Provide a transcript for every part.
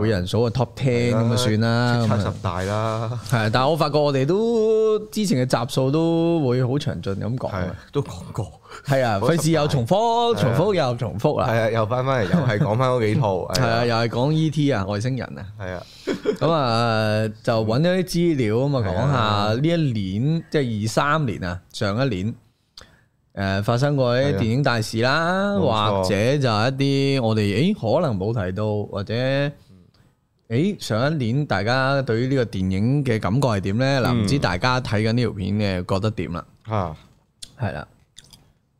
每人數嘅，top ten 咁就算啦，差十大啦。係，但係我發覺我哋都之前嘅集數都會好詳盡咁講，都講過。係啊，費事又重複，重複又重複啦。係啊，又翻翻嚟，又係講翻嗰幾套。係啊，又係講 E.T. 啊，外星人啊。係啊，咁啊就揾咗啲資料啊嘛，講下呢一年即係二三年啊，上一年誒發生過啲電影大事啦，或者就係一啲我哋誒可能冇提到或者。誒，上一年大家對於呢個電影嘅感覺係點呢？嗱，唔知大家睇緊呢條片嘅覺得點啦？吓，係啦，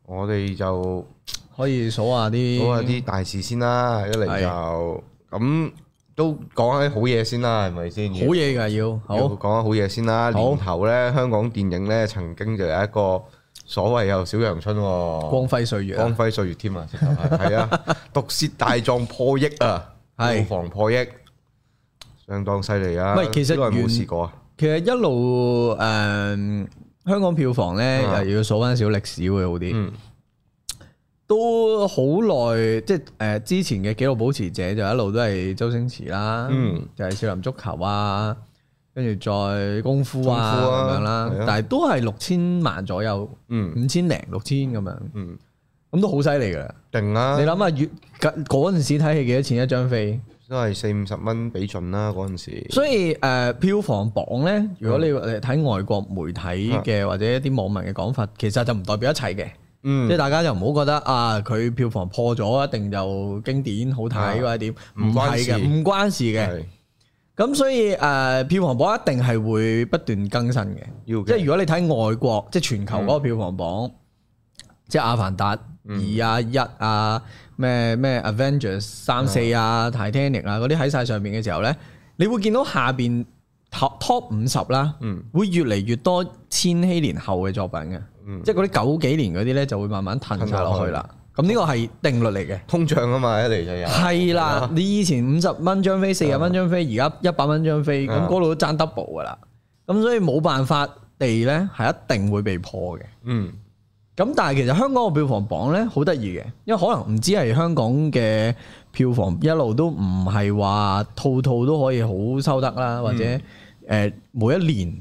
我哋就可以數下啲數下啲大事先啦。一嚟就咁都講下啲好嘢先啦，係咪先？好嘢噶要，好，講下好嘢先啦。年頭呢，香港電影呢曾經就有一個所謂有小陽春，光輝歲月，光輝歲月添啊，係啊，毒舌大狀破億啊，票房破億。相當犀利啊！唔，其實冇試過啊。其實一路誒，香港票房咧，又要數翻少少歷史會好啲。嗯，都好耐，即係誒，之前嘅紀錄保持者就一路都係周星馳啦。嗯，就係少林足球啊，跟住再功夫啊咁樣啦。但係都係六千萬左右。嗯，五千零六千咁樣。嗯，咁都好犀利噶啦。定啦！你諗下，月嗰嗰陣時睇戲幾多錢一張飛？都係四五十蚊俾盡啦嗰陣時。所以誒，票房榜咧，如果你睇外國媒體嘅或者一啲網民嘅講法，其實就唔代表一切嘅。嗯，即係大家就唔好覺得啊，佢票房破咗一定就經典好睇或者點，唔關事嘅，唔關事嘅。咁所以誒，票房榜一定係會不斷更新嘅。即係如果你睇外國，即係全球嗰個票房榜，即係《阿凡達》二啊一啊。咩咩 Avengers 三四啊，Titanic 啊，嗰啲喺晒上邊嘅時候咧，你會見到下邊 Top 五十啦，嗯、會越嚟越多千禧年後嘅作品嘅，嗯、即係嗰啲九幾年嗰啲咧就會慢慢褪晒落去啦。咁呢個係定律嚟嘅，通脹啊嘛，一嚟就。又係啦。你以前五十蚊張飛，四十蚊張飛，而家一百蚊張飛，咁嗰度都爭 double 噶啦。咁所以冇辦法，地咧係一定會被破嘅。嗯。咁但係其實香港嘅票房榜呢好得意嘅，因為可能唔知係香港嘅票房一路都唔係話套套都可以好收得啦，或者誒、嗯呃、每一年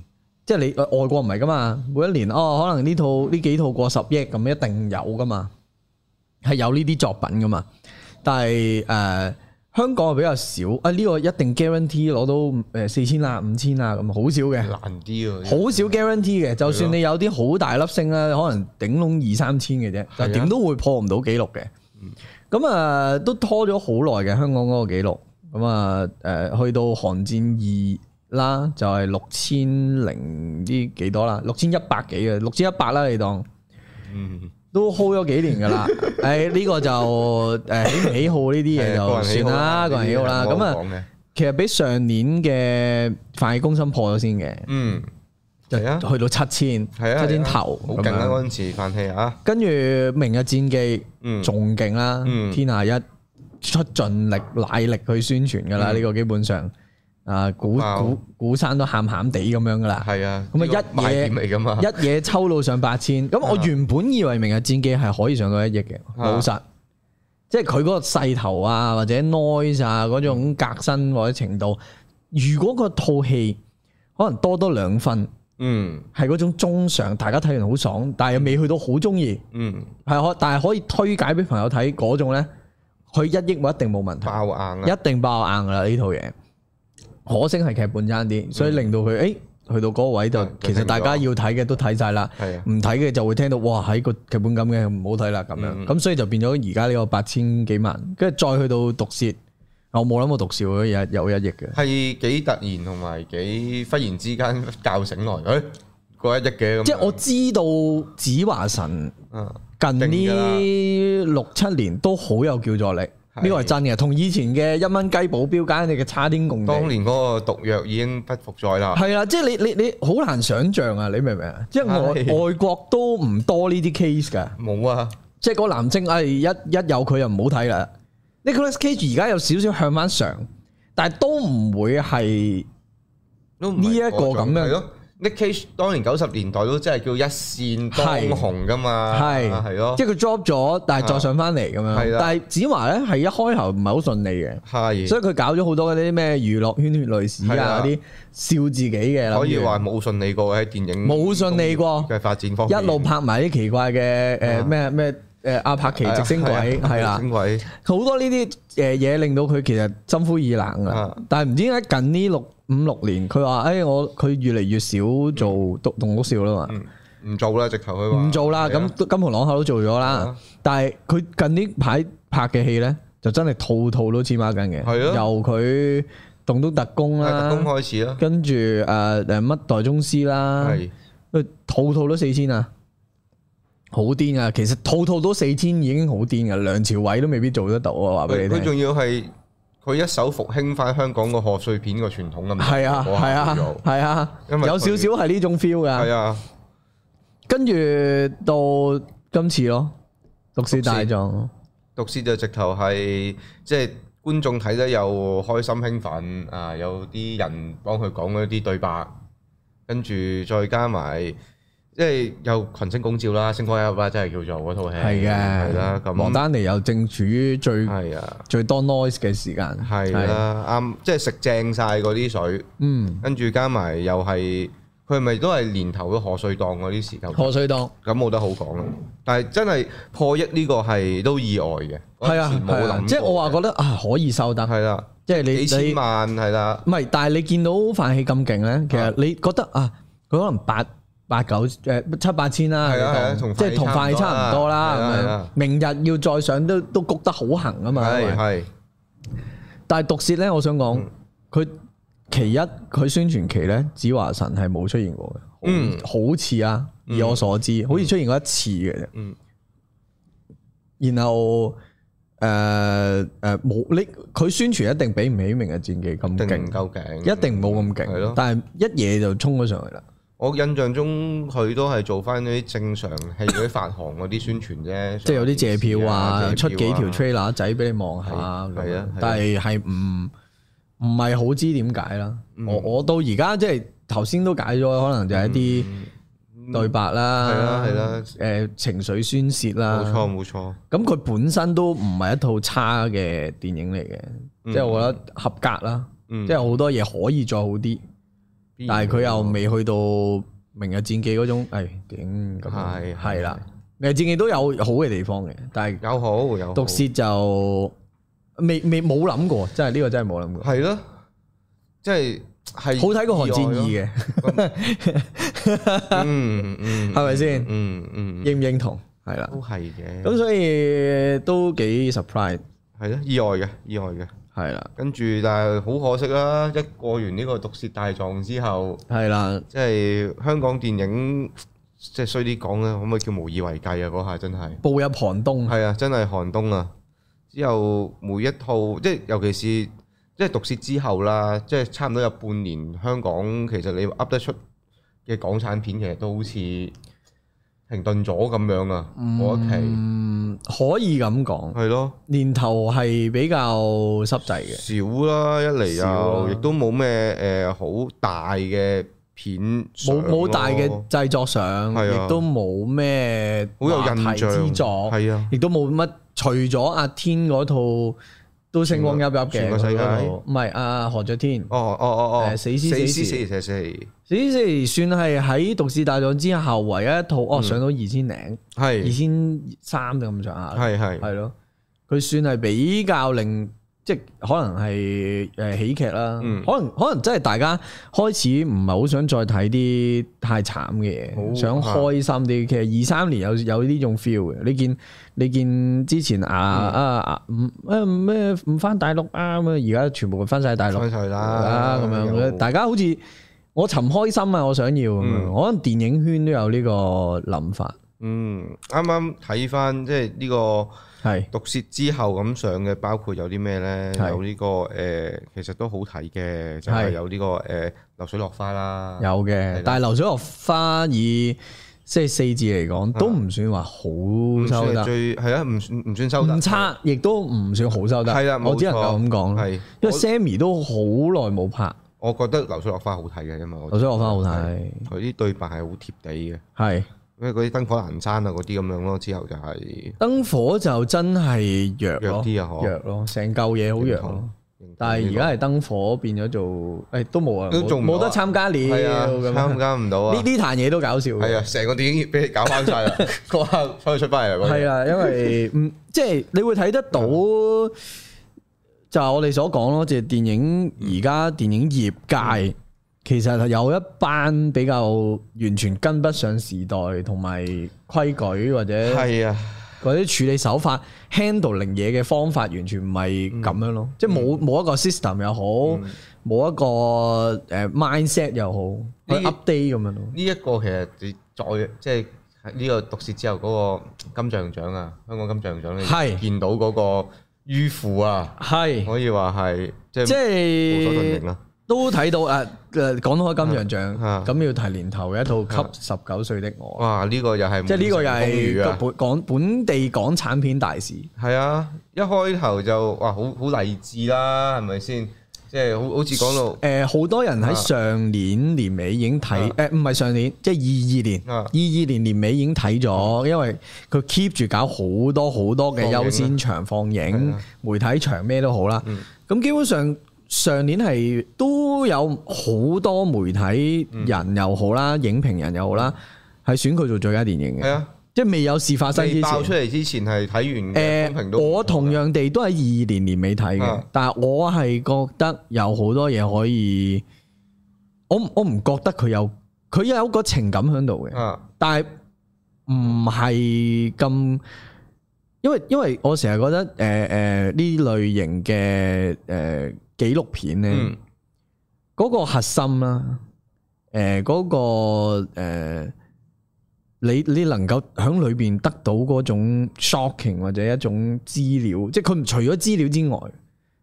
即係你、呃、外國唔係㗎嘛，每一年哦可能呢套呢幾套過十億咁一定有㗎嘛，係有呢啲作品㗎嘛，但係誒。呃香港係比較少啊！呢、這個一定 guarantee 攞到誒四千啦、五千啦咁，好少嘅，難啲喎，好少 guarantee 嘅。就算你有啲好大粒星啦，可能頂籠二三千嘅啫，啊、但係點都會破唔到紀錄嘅。咁啊、嗯，都拖咗好耐嘅香港嗰個紀錄。咁啊，誒、呃，去到寒戰二啦，就係六千零啲幾多啦，六千一百幾嘅，六千一百啦，你當。嗯都 hold 咗幾年噶啦，誒呢個就誒喜唔喜好呢啲嘢就算啦，個人喜好啦，咁啊，其實比上年嘅飯戲攻心破咗先嘅，嗯，係啊，去到七千，係七千頭，好勁啊陣時飯戲啊，跟住明日戰記，仲勁啦，天下一出盡力奶力去宣傳噶啦，呢個基本上。啊，古古古山都喊喊地咁樣噶啦，係啊，咁啊一嘢，一嘢抽到上八千，咁我原本以為明日戰記係可以上到一億嘅， 老實，即係佢嗰個勢頭啊，或者 noise 啊嗰種革新或者程度，如果個套戲可能多多兩分嗯，嗯，嗯，係嗰種中上，大家睇完好爽，但係未去到好中意，嗯，係可，但係可以推介俾朋友睇嗰種咧，佢一億冇一定冇問題，爆硬，一定爆硬噶啦呢套嘢。可惜係劇本爭啲，所以令到佢誒、欸、去到嗰個位就，嗯、其實大家要睇嘅都睇晒啦，唔睇嘅就會聽到哇喺個劇本咁嘅，唔好睇啦咁樣，咁、嗯、所以就變咗而家呢個八千幾萬，跟住再去到毒舌，我冇諗過毒舌有一有一億嘅，係幾突然同埋幾忽然之間叫醒來誒、過、欸、一億嘅，即係我知道子華神，近呢六七年都好有叫座力。呢個係真嘅，同以前嘅一蚊雞保鏢間你嘅差天共地。當年嗰個毒藥已經不復再啦。係啊，即係你你你好難想象啊，你明唔明啊？即係外外國都唔多呢啲 case 噶。冇啊，即係個男精，哎，一一有佢又唔好睇啦。Nicholas Cage 而家有少少向翻常，但係都唔會係呢一個咁樣。Nick Cage 當年九十年代都真係叫一線當紅噶嘛，係係咯，即係佢 drop 咗，但係再上翻嚟咁樣。係但係子華咧係一開頭唔係好順利嘅，係，所以佢搞咗好多嗰啲咩娛樂圈血淚史啊嗰啲笑自己嘅，可以話冇順利過喺電影冇順利過嘅發展方一路拍埋啲奇怪嘅誒咩咩誒阿帕奇直升鬼係啦，好多呢啲誒嘢令到佢其實心灰意冷啊，但係唔知點解近呢六。五六年，佢話誒，我佢越嚟越少做獨棟篤笑啦嘛，唔做啦，直頭佢話唔做啦。咁的金盆浪口都做咗啦，的但係佢近呢排拍嘅戲咧，就真係套套都黐孖筋嘅。係咯，由佢棟篤特工啦，開始啦，跟住誒誒乜代宗師啦，套套的都四千啊，好癲啊！其實套套都四千已經好癲嘅，梁朝偉都未必做得到啊！話俾你聽，佢仲要係。佢一手復興翻香港個賀歲片個傳統咁，係啊，係啊，係啊，有少少係呢種 feel 嘅。係啊，跟住到今次咯，毒舌大狀，毒舌就直頭係即係觀眾睇得又開心興奮啊！有啲人幫佢講嗰啲對白，跟住再加埋。即係有群星拱照啦，星光入啦，即係叫做嗰套戲。係嘅，係啦。咁，王丹妮又正處於最係啊最多 noise 嘅時間。係啦，啱，即係食正晒嗰啲水。嗯，跟住加埋又係，佢係咪都係年頭都賀歲檔嗰啲時間？賀歲檔咁冇得好講咯。但係真係破億呢個係都意外嘅。係啊，冇諗。即係我話覺得啊，可以收得。係啦，即係你幾千萬係啦。唔係，但係你見到塊戲咁勁咧，其實你覺得啊，佢可能八？八九誒七八千啦，即係同快差唔多啦。明日要再上都都谷得好行啊嘛。係，但係毒舌咧，我想講佢其一，佢宣傳期咧，子華神係冇出現過嘅。嗯，好似啊，以我所知，好似出現過一次嘅。嗯，然後誒誒冇你佢宣傳一定比唔起明日戰記咁勁，唔夠勁，一定冇咁勁。但係一嘢就衝咗上去啦。我印象中佢都係做翻啲正常，嗰啲發行嗰啲宣傳啫，即係有啲借票啊，出幾條 trailer 仔俾你望下咁。但係係唔唔係好知點解啦？我我到而家即係頭先都解咗，可能就係一啲對白啦，係啦係啦，誒情緒宣泄啦。冇錯冇錯。咁佢本身都唔係一套差嘅電影嚟嘅，即係我覺得合格啦。即係好多嘢可以再好啲。但係佢又未去到《明日戰記》嗰種，係點咁樣？係係啦，的《明日的戰記》都有好嘅地方嘅，但係有好有好。毒舌就未未冇諗過，真係呢、這個真係冇諗過。係咯，即係係好睇過《寒戰二》嘅。嗯嗯，係咪先？嗯嗯，認唔認同？係啦，都係嘅。咁所以都幾 surprise，係咯，意外嘅，意外嘅。係啦，跟住但係好可惜啦，一過完呢個毒舌大狀之後，係啦，即係香港電影即係衰啲講咧，可唔可以叫無以為繼啊？嗰下真係步入寒冬。係啊，真係寒冬啊！之後每一套即係尤其是即係毒舌之後啦，即係差唔多有半年香港其實你噏得出嘅港產片其實都好似。停頓咗咁樣啊！冇一期。嗯，Okay. 可以咁講，係咯，年頭係比較濕滯嘅，少啦一嚟，少，亦都冇咩誒好大嘅片，冇冇大嘅製作上，亦都冇咩好有印象之作，係啊，亦都冇乜，除咗阿天嗰套。都星光熠熠嘅，唔係阿何卓天哦哦哦哦，死屍死屍死死死死算係喺《毒舌大狀》之後唯一一套哦上到二千零係二千三就咁上下，係係係咯，佢算係比較令。即可能係誒喜劇啦、嗯，可能可能真係大家開始唔係好想再睇啲太慘嘅嘢，嗯、想開心啲。嗯、其實二三年有有呢種 feel 嘅。你見你見之前啊啊啊唔誒咩唔翻大陸啊咁啊，而、啊、家全部翻晒大陸，係啦咁了了樣。大家好似我尋開心啊，我想要咁樣。我諗電影圈都有呢個諗法。嗯，啱啱睇翻即係呢個。係毒舌之後咁上嘅，包括有啲咩咧？有呢個誒，其實都好睇嘅，就係有呢個誒流水落花啦。有嘅，但係流水落花以即係四字嚟講，都唔算話好收得。最係啊，唔唔算收得。唔差，亦都唔算好收得。係啦，能夠咁講啦。因為 Sammy 都好耐冇拍，我覺得流水落花好睇嘅，因為流水落花好睇，佢啲對白係好貼地嘅。係。因為嗰啲燈火闌珊啊，嗰啲咁樣咯，之後就係燈火就真係弱啲啊，嗬弱咯，成嚿嘢好弱咯。但係而家係燈火變咗做，誒都冇啊，都仲冇得參加你係啊，參加唔到啊。呢啲壇嘢都搞笑。係啊，成個電影業俾你搞翻晒啦，嗰下可以出翻嚟。係啊，因為嗯，即係你會睇得到，就係我哋所講咯，即係電影而家電影業界。其實有一班比較完全跟不上時代同埋規矩，或者係啊，嗰啲處理手法，handling 嘢嘅方法，完全唔係咁樣咯。即係冇冇一個 system 又好，冇一個誒 mindset 又好，可以 update 咁樣咯。呢一個其實你再即係呢個毒舌之後嗰個金像獎啊，香港金像獎你見到嗰個迂腐啊，係可以話係即係無所遁形啊，都睇到啊。誒講開金像獎，咁、啊、要提年頭嘅一套《給十九歲的我》。哇、這個啊！呢個又係即係呢個又係本港本地港產片大事。係啊，一開頭就哇好好勵志啦，係咪先？即、就、係、是、好好似講到誒，好、呃、多人喺上年年尾已經睇誒，唔係上年，即係二二年，二二、啊、年年尾已經睇咗，啊、因為佢 keep 住搞好多好多嘅優先場放映、啊、媒體場咩都好啦。咁、啊嗯嗯、基本上。上年係都有好多媒體人又好啦，影評人又好啦，係選佢做最佳電影嘅。係啊，即係未有事發生，爆出嚟之前係睇完。誒，我同樣地都係二年年尾睇嘅，但係我係覺得有好多嘢可以，我我唔覺得佢有，佢有一個情感喺度嘅。啊，但係唔係咁，因為因為我成日覺得誒誒呢類型嘅誒。紀錄片咧，嗰、嗯、個核心啦，誒、呃，嗰、那個誒、呃，你你能夠喺裏邊得到嗰種 shocking 或者一種資料，即係佢除咗資料之外，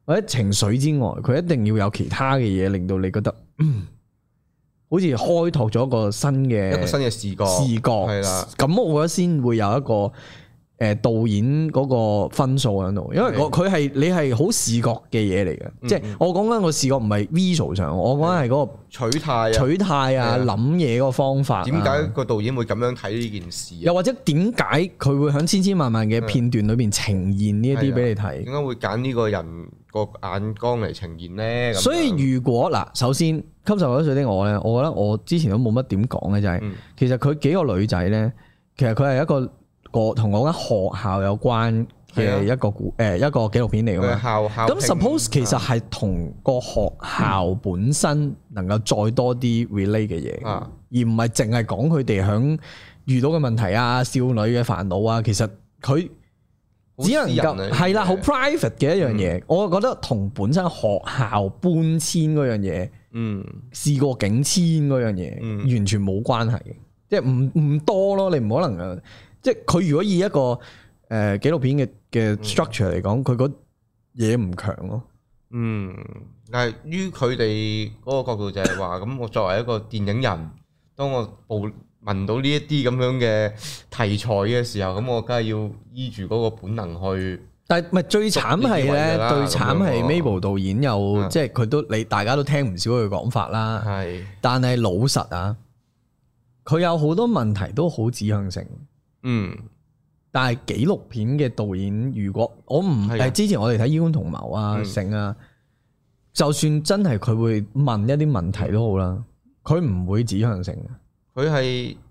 或者情緒之外，佢一定要有其他嘅嘢，令到你覺得，嗯、好似開拓咗一個新嘅一個新嘅視覺視覺覺，係啦的，咁我覺得先會有一個。誒導演嗰個分數喺度，因為我佢係你係好視覺嘅嘢嚟嘅，即係我講緊個視覺唔係 visual 上，嗯、我講緊係嗰個取態啊、取態啊、諗嘢嗰個方法、啊。點解個導演會咁樣睇呢件事、啊？又或者點解佢會喺千千萬萬嘅片段裏面呈現呢一啲俾你睇？點解會揀呢個人個眼光嚟呈現呢？所以如果嗱，嗯、首先《給十九歲的我》呢，我覺得我之前都冇乜點講嘅，就係、是、其實佢幾個女仔呢，其實佢係一個。個同我間學校有關嘅一個故，誒、啊、一個紀錄片嚟嘅嘛？咁 suppose 其實係同個學校本身能夠再多啲 relate 嘅嘢，啊、而唔係淨係講佢哋響遇到嘅問題啊、少女嘅煩惱啊。其實佢只能夠係啦，好 private 嘅一樣嘢。嗯、我覺得同本身學校搬遷嗰樣嘢，嗯，事過境遷嗰樣嘢，完全冇關係嘅，嗯、即係唔唔多咯。你唔可能即係佢如果以一個誒紀錄片嘅嘅 structure 嚟講，嗯，佢嗰嘢唔強咯。嗯，但係於佢哋嗰個角度就係話，咁 我作為一個電影人，當我聞到呢一啲咁樣嘅題材嘅時候，咁我梗係要依住嗰個本能去。但係唔係最慘係咧？最慘係 Mabel 導演有，即係佢都你大家都聽唔少佢講法啦。係是，但係老實啊，佢有好多問題都好指向性。嗯，但係紀錄片嘅導演，如果我唔係的之前我哋睇《醫官同謀》啊、成啊、嗯，就算真係佢會問一啲問題都好啦，佢唔會指向性嘅，佢係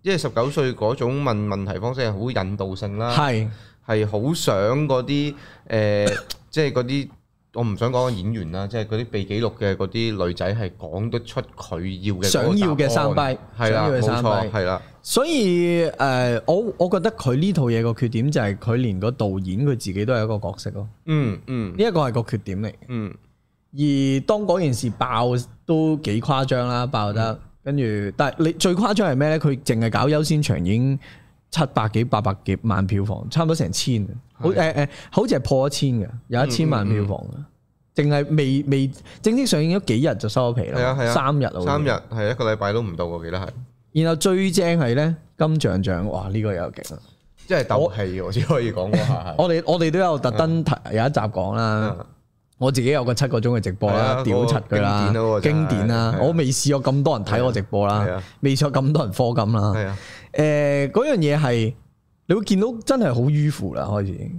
因為十九歲嗰種問問題方式係好引導性啦，係係好想嗰啲誒，即係嗰啲。 我唔想講演員啦，即係嗰啲被記錄嘅嗰啲女仔係講得出佢要嘅想要嘅三逼，係啦的，冇錯，係啦。所以誒、呃，我我覺得佢呢套嘢，個缺點就係佢連個導演佢自己都係一個角色咯、嗯。嗯嗯，呢一個係個缺點嚟。嗯，而當嗰件事爆都幾誇張啦，爆得、嗯、跟住，但係你最誇張係咩呢？佢淨係搞優先場演。七百幾、八百幾萬票房，差唔多成千，好誒誒，好似係破一千嘅，有一千萬票房嘅，淨係未未正式上映咗幾日就收咗皮啦，係啊係啊，三日啊，三日係一個禮拜都唔到，我記得係。然後最正係咧金像獎，哇呢個又勁啊，即係鬥氣我先可以講。我哋我哋都有特登有一集講啦，我自己有個七個鐘嘅直播啦，屌柒㗎啦，經典啦，我未試過咁多人睇我直播啦，未試過咁多人科金啦。誒，嗰樣嘢係你會見到真係好迂腐啦，開始。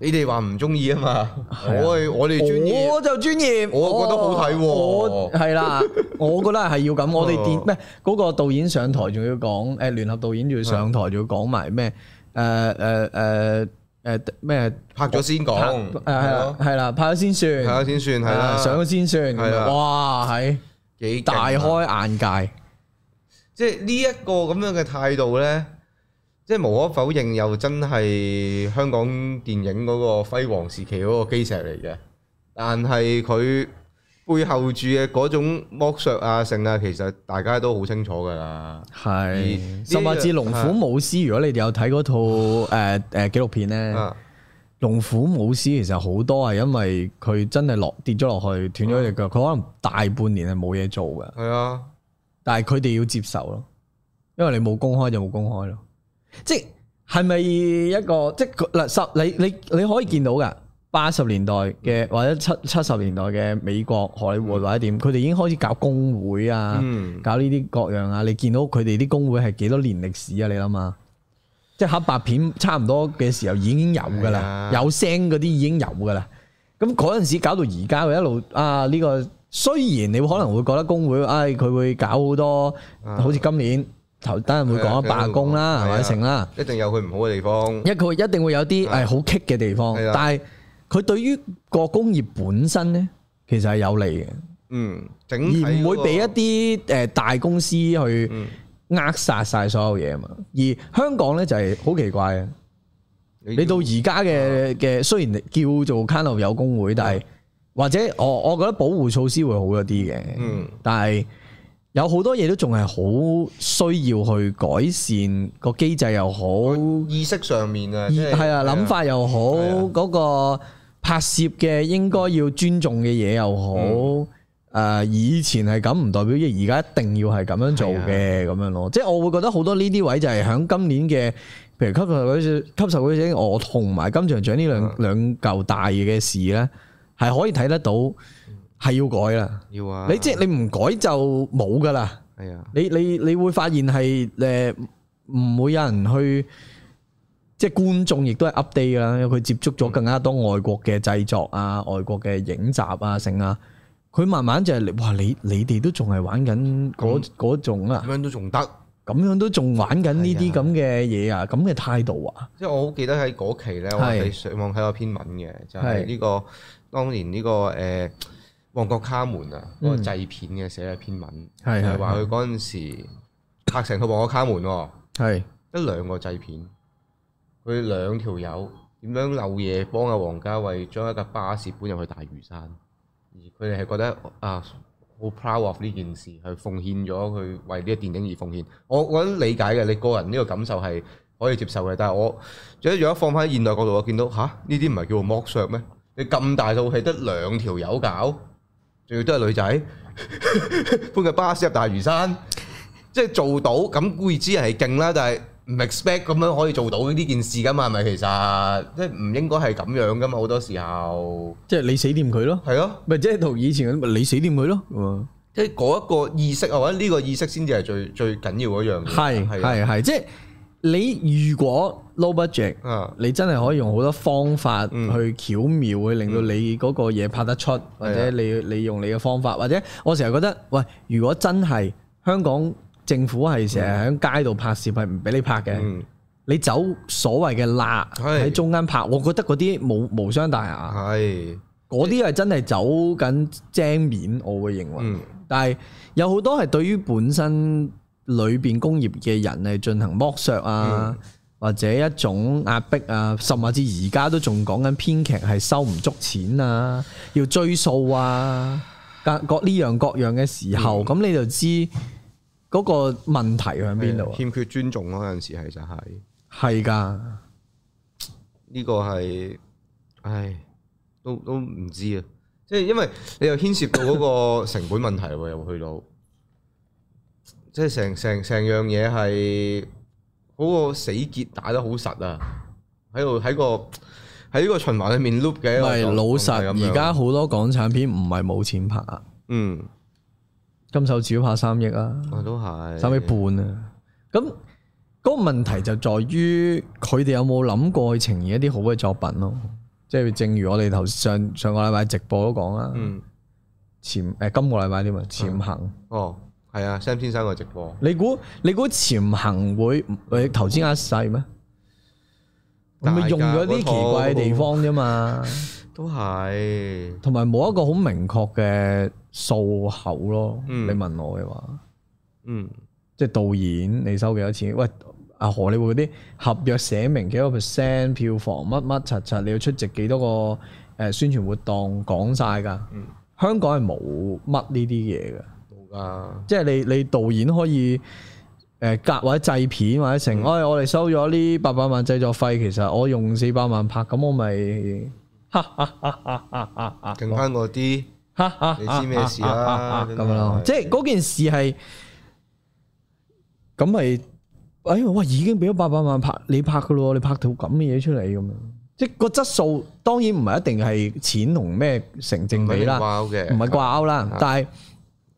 你哋話唔中意啊嘛，我我哋專業，我就專業，我覺得好睇。我係啦，我覺得係要咁，我哋電咩嗰個導演上台仲要講，誒，聯合導演仲要上台仲要講埋咩？誒誒誒誒咩？拍咗先講，係啦係啦，拍咗先算，拍咗先算，係啦，上咗先算，哇，係幾大開眼界。即係呢一個咁樣嘅態度呢，即係無可否認，又真係香港電影嗰個輝煌時期嗰個基石嚟嘅。但係佢背後住嘅嗰種剝削啊、性啊，其實大家都好清楚㗎啦。係是，甚至、這個、龍虎武師，啊、如果你哋有睇嗰套誒誒紀錄片呢，啊、龍虎武師其實好多係因為佢真係落跌咗落去，斷咗隻腳，佢、啊、可能大半年係冇嘢做嘅。係啊。但係佢哋要接受咯，因為你冇公開就冇公開咯，即係咪一個即係嗱十你你你可以見到嘅八十年代嘅或者七七十年代嘅美國荷里活或者點，佢哋已經開始搞工會啊，嗯、搞呢啲各樣啊。你見到佢哋啲工會係幾多年歷史啊？你諗下，即係黑白片差唔多嘅時候已經有嘅啦，的有聲嗰啲已經有嘅啦。咁嗰陣時搞到而家佢一路啊呢、呢個。雖然你可能會覺得工會，唉，佢會搞好多，好似今年頭等人會講罷工啦，係咪成啦？一定有佢唔好嘅地方，因為佢一定會有啲唉好棘嘅地方。但係佢對於個工業本身咧，其實係有利嘅。嗯，整而唔會俾一啲誒大公司去扼殺晒所有嘢嘛。而香港咧就係好奇怪嘅，你到而家嘅嘅，雖然叫做卡奴有工會，但係。或者我我覺得保護措施會好一啲嘅，嗯、但係有好多嘢都仲係好需要去改善個機制又好意識上面嘅。係、就是、啊諗、啊、法又好嗰、啊、個拍攝嘅應該要尊重嘅嘢又好，誒、嗯呃、以前係咁唔代表而家一定要係咁樣做嘅咁、啊、樣咯，即係我會覺得好多呢啲位就係喺今年嘅，譬如吸收嗰啲吸收嗰啲我同埋金像獎呢兩兩嚿大嘅事咧。係可以睇得到，係要改啦。要啊！你即係你唔改就冇噶啦。係啊！你你你會發現係誒唔會有人去，即係觀眾亦都係 update 啦。因為佢接觸咗更加多外國嘅製作啊，外國嘅影集啊，成啊。佢慢慢就係哇！你你哋都仲係玩緊嗰嗰種啊？咁樣都仲得？咁樣都仲玩緊呢啲咁嘅嘢啊？咁嘅態度啊？即係我好記得喺嗰期咧，我喺上網睇過篇文嘅，就係呢個。當年呢、這個誒，旺、欸、角卡門啊，嗯、個製片嘅寫一篇文，係係話佢嗰陣時拍成個旺角卡門、啊，係得兩個製片，佢兩條友點樣漏夜幫阿王家衛將一架巴士搬入去大嶼山，而佢哋係覺得啊好 proud of 呢件事，係奉獻咗佢為呢個電影而奉獻，我我理解嘅，你個人呢個感受係可以接受嘅，但係我即係如果放翻喺現代角度，我見到吓呢啲唔係叫做剝削咩？你咁大套係得兩條友搞，仲要都係女仔，搬個巴士入大嶼山，即係做到咁，固然知人係勁啦，但係唔 expect 咁樣可以做到呢件事噶嘛？係咪其實即係唔應該係咁樣噶嘛？好多時候即係你死掂佢咯，係咯，咪即係同以前咁，咪你死掂佢咯，即係嗰一個意識啊，或者呢個意識先至係最最緊要嗰樣。係係係，即係你如果。Low budget，啊、你真係可以用好多方法去巧妙去令到你嗰個嘢拍得出，嗯、或者你你用你嘅方法，或者我成日覺得，喂，如果真係香港政府係成日喺街度拍攝，係唔俾你拍嘅，嗯、你走所謂嘅「辣」喺中間拍，是我覺得嗰啲冇無傷大雅，係嗰啲係真係走緊正面，我會認為。嗯、但係有好多係對於本身裏邊工業嘅人係進行剝削啊。嗯或者一種壓迫啊，甚至而家都仲講緊編劇係收唔足錢啊，要追數啊，各各呢樣各樣嘅時候，咁、嗯、你就知嗰個問題喺邊度？欠缺尊重嗰陣時係就係係噶，呢個係，唉，都都唔知啊！即係因為你又牽涉到嗰個成本問題喎，又 去到即係成成成樣嘢係。嗰個死結打得好實啊！喺度喺個喺呢個循環裏面 loop 嘅，唔係老實。而家好多港產片唔係冇錢拍，嗯、拍啊。嗯，金手指拍三億啊，都係三億半啊。咁嗰、那個問題就在於佢哋有冇諗過去呈現一啲好嘅作品咯？即、就、係、是、正如我哋頭上上個禮拜直播都講啦，潛誒、嗯呃，今個禮拜點啊？潛行、嗯、哦。係啊，Sam 先生個直播，你估你估潛行會你投資額細咩？咁咪，啊、用咗啲奇怪嘅地方啫嘛，都係是。同埋冇一個好明確嘅數口咯。嗯、你問我嘅話，嗯，即係導演你收幾多錢？喂，阿何你會嗰啲合約寫明幾多 percent 票房乜乜柒柒，你要出席幾多個誒宣傳活動講晒㗎？嗯、香港係冇乜呢啲嘢嘅。啊！即係你你導演可以誒夾、呃、或，或者製片或者成，我哋收咗呢八百萬製作費，其實我用四百萬拍，咁我咪哈哈哈哈哈哈，剩翻我啲，哈你知咩事啦？咁樣咯，即係嗰件事係咁咪，嗯就是、哎哇已經俾咗八百萬拍你拍噶咯，你拍，你拍，你拍，拍到咁嘅嘢出嚟咁樣！即係個質素當然唔係一定係錢同咩成正比啦，唔係掛鈎啦，但係。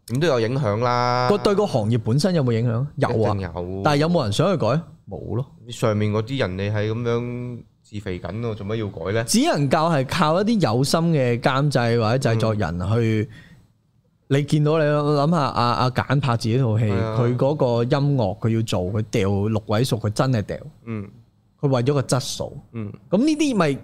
點都有影響啦。個對個行業本身有冇影響？有啊，有。但係有冇人想去改？冇咯。上面嗰啲人，你係咁樣自肥緊，我做乜要改咧？只能夠係靠一啲有心嘅監製或者製作人去。你見到你諗下，阿阿簡拍自己套戲，佢嗰個音樂佢要做，佢掉六位數，佢真係掉。嗯。佢為咗個質素。嗯。咁呢啲咪？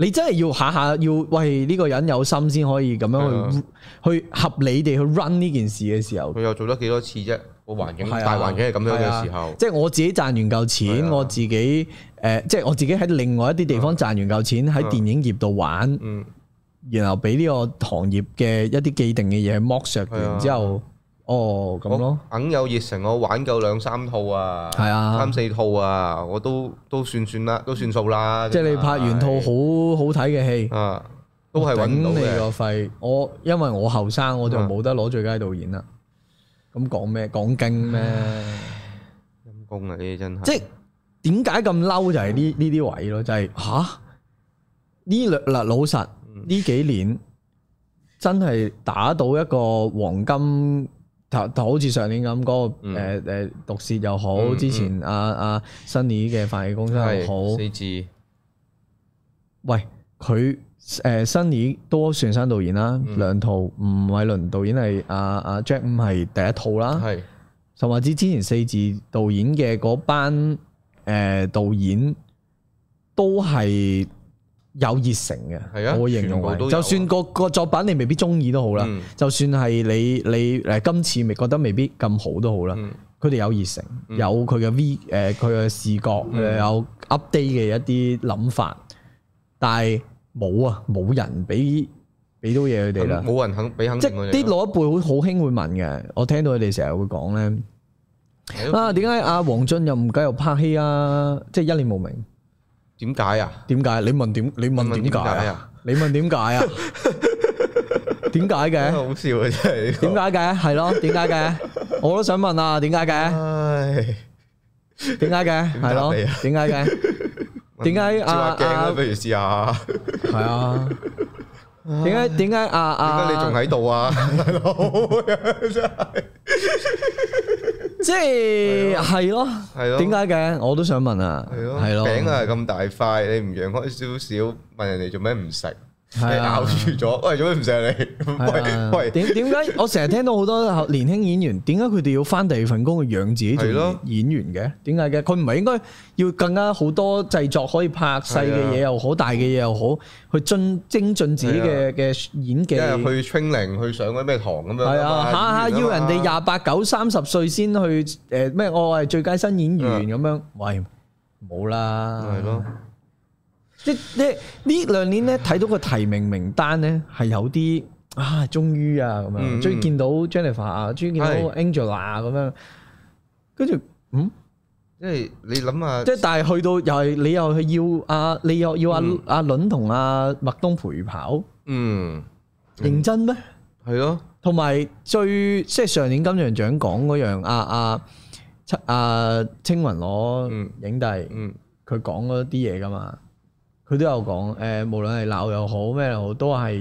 你真係要下下要喂呢、呢個人有心先可以咁樣去、啊、去合理地去 run 呢件事嘅時候，佢又做咗幾多次啫？個環境、啊、大環境係咁樣嘅時候，即係、啊即係、我自己賺完夠錢，啊、我自己誒，即、呃、係、即係、我自己喺另外一啲地方賺完夠錢，喺、啊、電影業度玩，啊嗯、然後俾呢個行業嘅一啲既定嘅嘢剝削完之後。哦，咁咯、oh,，梗有熱誠，我玩夠兩三套啊，係啊，三四套啊，我都都算算啦，都算數啦。即係你拍完套好好睇嘅戲，都係揾你個肺。我因為我後生，我就冇得攞最佳導演啦。咁講咩？講經咩？陰功啊！呢啲真係。即係點解咁嬲？就係呢呢啲位咯，就係吓？呢兩嗱老實呢幾年真係打到一個黃金。就就好似上年咁，嗰、那個誒誒，毒、呃、舌又好，之前阿阿新宇嘅發行公司又好，四字。喂，佢誒新宇都算新導演啦，兩、嗯、套吳煒倫導演係阿阿 Jack，唔係第一套啦，係是。甚至之，之前四字導演嘅嗰班誒、呃、導演都係。有熱誠嘅，的我形容，就算個個作品你未必中意都好啦，嗯、就算係你你誒今次未覺得未必咁好都好啦，佢哋、嗯、有熱誠，嗯、有佢嘅 V 誒佢嘅視覺，嗯、有 update 嘅一啲諗法，但係冇啊，冇人俾俾到嘢佢哋啦，冇人肯俾肯，即係啲老一輩會好興會問嘅，我聽到佢哋成日會講咧，啊點解阿黃俊又唔繼續拍戲啊？即、就、係、是、一念無明。點解啊？點解？你問點？你問點解啊，你問點解啊，點解嘅？好笑啊！真係點解嘅？係咯，點解嘅？我都想問啊，點解嘅？點解嘅？係咯，點解嘅？點解？啊啊！不如試下，係啊？點解？點解？啊啊！你仲喺度啊？係咯，真係。即係係咯，點解嘅？我都想問啊，係咯，係咯，餅啊咁大塊，你唔讓開少少，問人哋做咩唔食？係咬住咗，喂，做咩唔錫你，喂的喂，點點解我成日聽到好多年輕演員，點解佢哋要返第二份工去養自己做演員嘅？點解嘅？佢唔係應該要更加好多製作可以拍細嘅嘢又好，大嘅嘢又好，去進精進自己嘅嘅演技。去清零，去上嗰咩堂咁樣。係的啊，員下下要人哋廿八九三十歲先去誒咩？呃、我係最佳新演員咁的樣，喂，冇啦。係咯。即係呢呢兩年咧睇到，個提名名單咧係有啲啊，終於啊咁樣，終於見到 Jennifer 啊，終於、啊、見到 Angela 咁樣，跟住嗯，因為你諗下，即係但係去到又係你又係要阿你又要阿阿倫同阿麥冬陪跑嗯，嗯，認真咩？係咯、嗯，同埋最即係上年金像獎講嗰樣阿阿七阿青雲攞影帝，嗯，佢講嗰啲嘢噶嘛。佢都有講誒、呃，無論係鬧又好咩又好，都係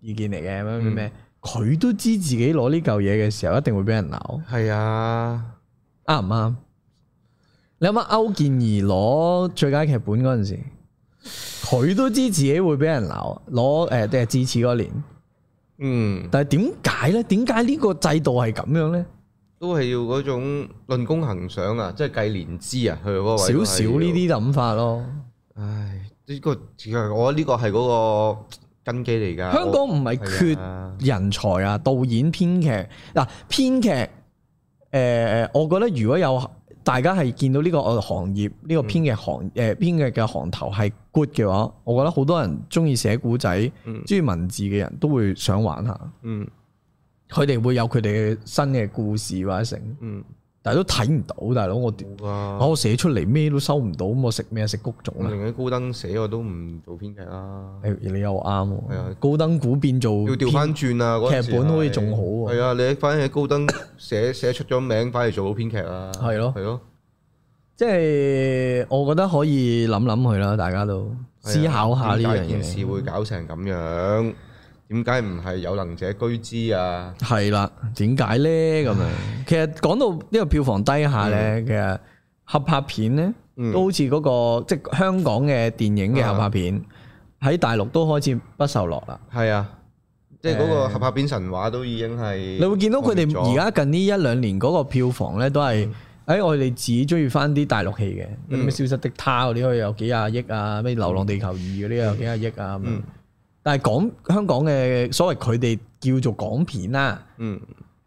意見嚟嘅。咩咩咩，佢都知自己攞呢嚿嘢嘅時候，一定會俾人鬧。係啊，啱唔啱？你諗下歐健怡攞最佳劇本嗰陣時，佢都知自己會俾人鬧。攞誒，即係至此嗰年。嗯。但係點解咧？點解呢個制度係咁樣咧？都係要嗰種論功行賞啊，即係計年資啊，去嗰個位。少少呢啲諗法咯。唉。呢、這個其實我覺得呢個係嗰個根基嚟㗎。香港唔係缺人才啊，啊導演編、呃、編劇嗱，編劇誒，我覺得如果有大家係見到呢個行業，呢、這個編劇行誒、嗯呃、編劇嘅行頭係 good 嘅話，我覺得好多人鍾意寫故仔、鍾意、嗯、文字嘅人都會想玩下。嗯，佢哋會有佢哋嘅新嘅故事或者成。嗯。但係都睇唔到，大佬，我我寫出嚟咩都收唔到，咁我食咩食穀種啊？我喺的高登寫，我都唔做編劇啦。你又啱喎，係啊，高登古變做要調翻轉啊，劇本可以仲好啊。係啊，你反而高登寫寫出咗名，反而做到編劇啦。係咯，係咯，即係我覺得可以諗諗佢啦，大家都的思考下呢樣件事會搞成咁樣？點解唔係有能者居之啊？係啦，點解咧咁樣？嗯、其實講到呢個票房低下咧，嗯、其實合拍片咧都好似嗰、嗰個、嗯、即係香港嘅電影嘅合拍片喺、啊、大陸都開始不受落啦。係啊，即係嗰個合拍片神話都已經係、嗯。你會見到佢哋而家近呢一兩年嗰個票房咧都係，喺、嗯哎、我哋自己中意翻啲大陸戲嘅、咩、嗯、消失的她嗰啲可以有幾廿億啊，咩流浪地球二嗰啲有幾廿億啊。但係港香港嘅所謂佢哋叫做港片啦，嗯、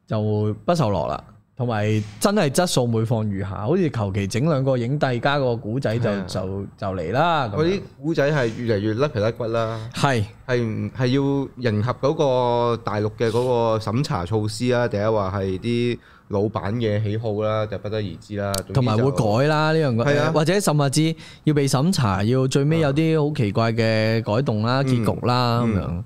就不受落啦，同埋真係質素每況愈下，好似求其整兩個影帝加個古仔就、哎、呀就就嚟啦。嗰啲古仔係越嚟越甩皮甩骨啦，係係係要迎合嗰個大陸嘅嗰個審查措施啊，定係話係啲。老闆嘅喜好啦，就不得而知啦。同埋會改啦呢樣嘅，或者甚至要被審查，要最尾有啲好奇怪嘅改動啦、結局啦咁樣。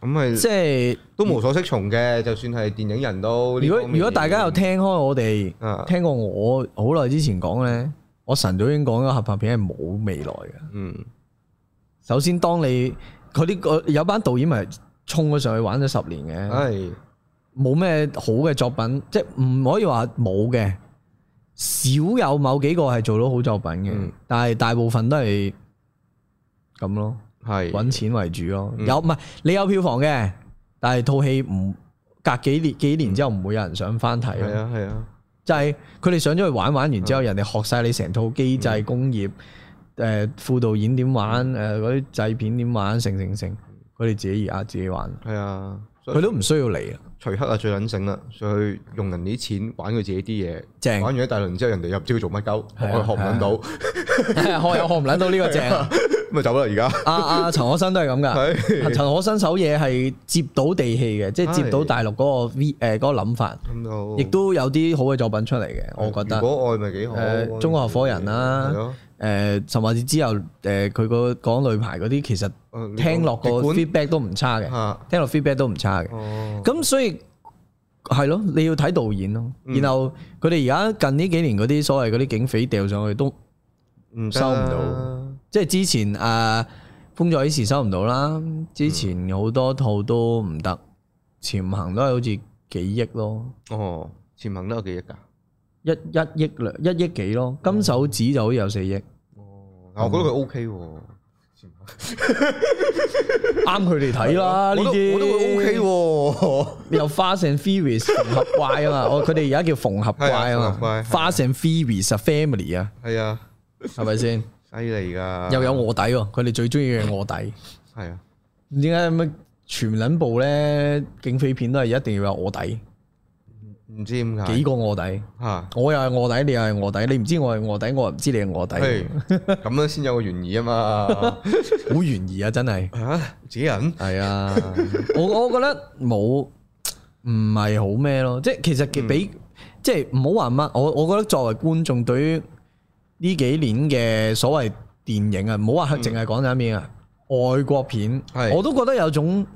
咁係即係都無所適從嘅，就算係電影人都。如果如果大家有聽開我哋聽過我好耐之前講咧，我晨早已經講咗合拍片係冇未來嘅。嗯。首先，當你嗰啲個有班導演咪衝咗上去玩咗十年嘅，係。冇咩好嘅作品，即係唔可以話冇嘅，少有某幾個係做到好作品嘅，但係大部分都係咁咯，係搵錢為主咯。有唔係你有票房嘅，但係套戲唔隔幾年幾年之後唔會有人想翻睇。係啊係啊，就係佢哋上咗去玩玩完之後，人哋學晒你成套機制工業，誒，副導演點玩，誒，嗰啲製片點玩，成成成，佢哋自己而家自己玩。係啊，佢都唔需要嚟啊。徐克啊，最撚醒啦，上去用人哋啲錢玩佢自己啲嘢，正玩完一大輪之後，人哋又唔知佢做乜鳩，我又學唔、啊、到，我又、啊啊、 學唔撚到呢、呢個、啊、正、啊。咪走啦！而家啊啊，陳可辛都係咁噶。陳可辛手嘢係接到地氣嘅，即係接到大陸嗰個 V 誒個諗法，亦都有啲好嘅作品出嚟嘅。我覺得如果愛咪幾好。中國合夥人啦，誒，甚至之後誒，佢個講女排嗰啲，其實聽落個 feedback 都唔差嘅，聽落 feedback 都唔差嘅。咁所以係咯，你要睇導演咯。然後佢哋而家近呢幾年嗰啲所謂嗰啲警匪掉上去都唔收唔到。即係之前誒，封咗啲事收唔到啦。之前好多套都唔得，潛行都係好似幾億咯。哦，潛行都有幾億㗎？一一億兩一億幾咯？金手指就好似有四億。哦，我覺得佢 OK 喎，啱佢哋睇啦。呢啲我都會 OK 喎，有 Fast and Furious 縫合怪啊嘛。哦，佢哋而家叫縫合怪啊嘛。Fast and Furious family 啊，係啊，係咪先？犀利噶，又有臥底喎！佢哋最中意嘅臥底，係啊？點解咁啊？全輪部咧警匪片都係一定要有臥底，唔知點解？幾個臥底吓？啊、我又係臥底，你又係臥底，你唔知我係臥底，我又唔知你係臥底。咁樣先有個懸疑啊嘛，好懸 疑啊！真係吓自己人，係啊！我 我覺得冇唔係好咩咯，即係其實嘅比即係唔好話乜。我、嗯、我覺得作為觀眾對於。呢幾年嘅所謂電影啊，唔好話係淨係講港產片啊，嗯、外國片是的 我都覺得有種，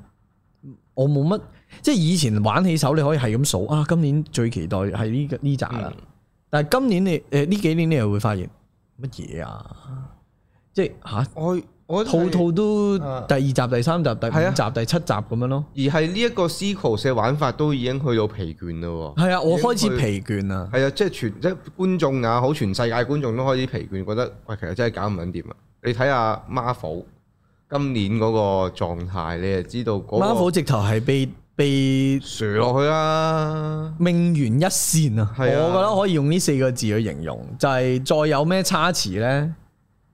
我冇乜即係以前玩起手你可以係咁數啊，今年最期待係呢個呢集啦。嗯、但係今年你誒呢幾年你又會發現乜嘢啊？即係嚇我。我套套都第二集，啊，第三集，第五集，啊，第七集咁樣咯。而係呢一個 cycle 嘅玩法都已經去到疲倦咯。係啊，我開始疲倦啦。係啊，即係全即係觀眾啊，好全世界觀眾都開始疲倦，覺得喂，其實真係搞唔緊掂啊！你睇下 Marvel 今年嗰個狀態，你就知道 Marvel，嗰個，直頭係被被蝕落去啦。命懸一線啊！係啊，我覺得可以用呢四個字去形容，就係，是，再有咩差池咧。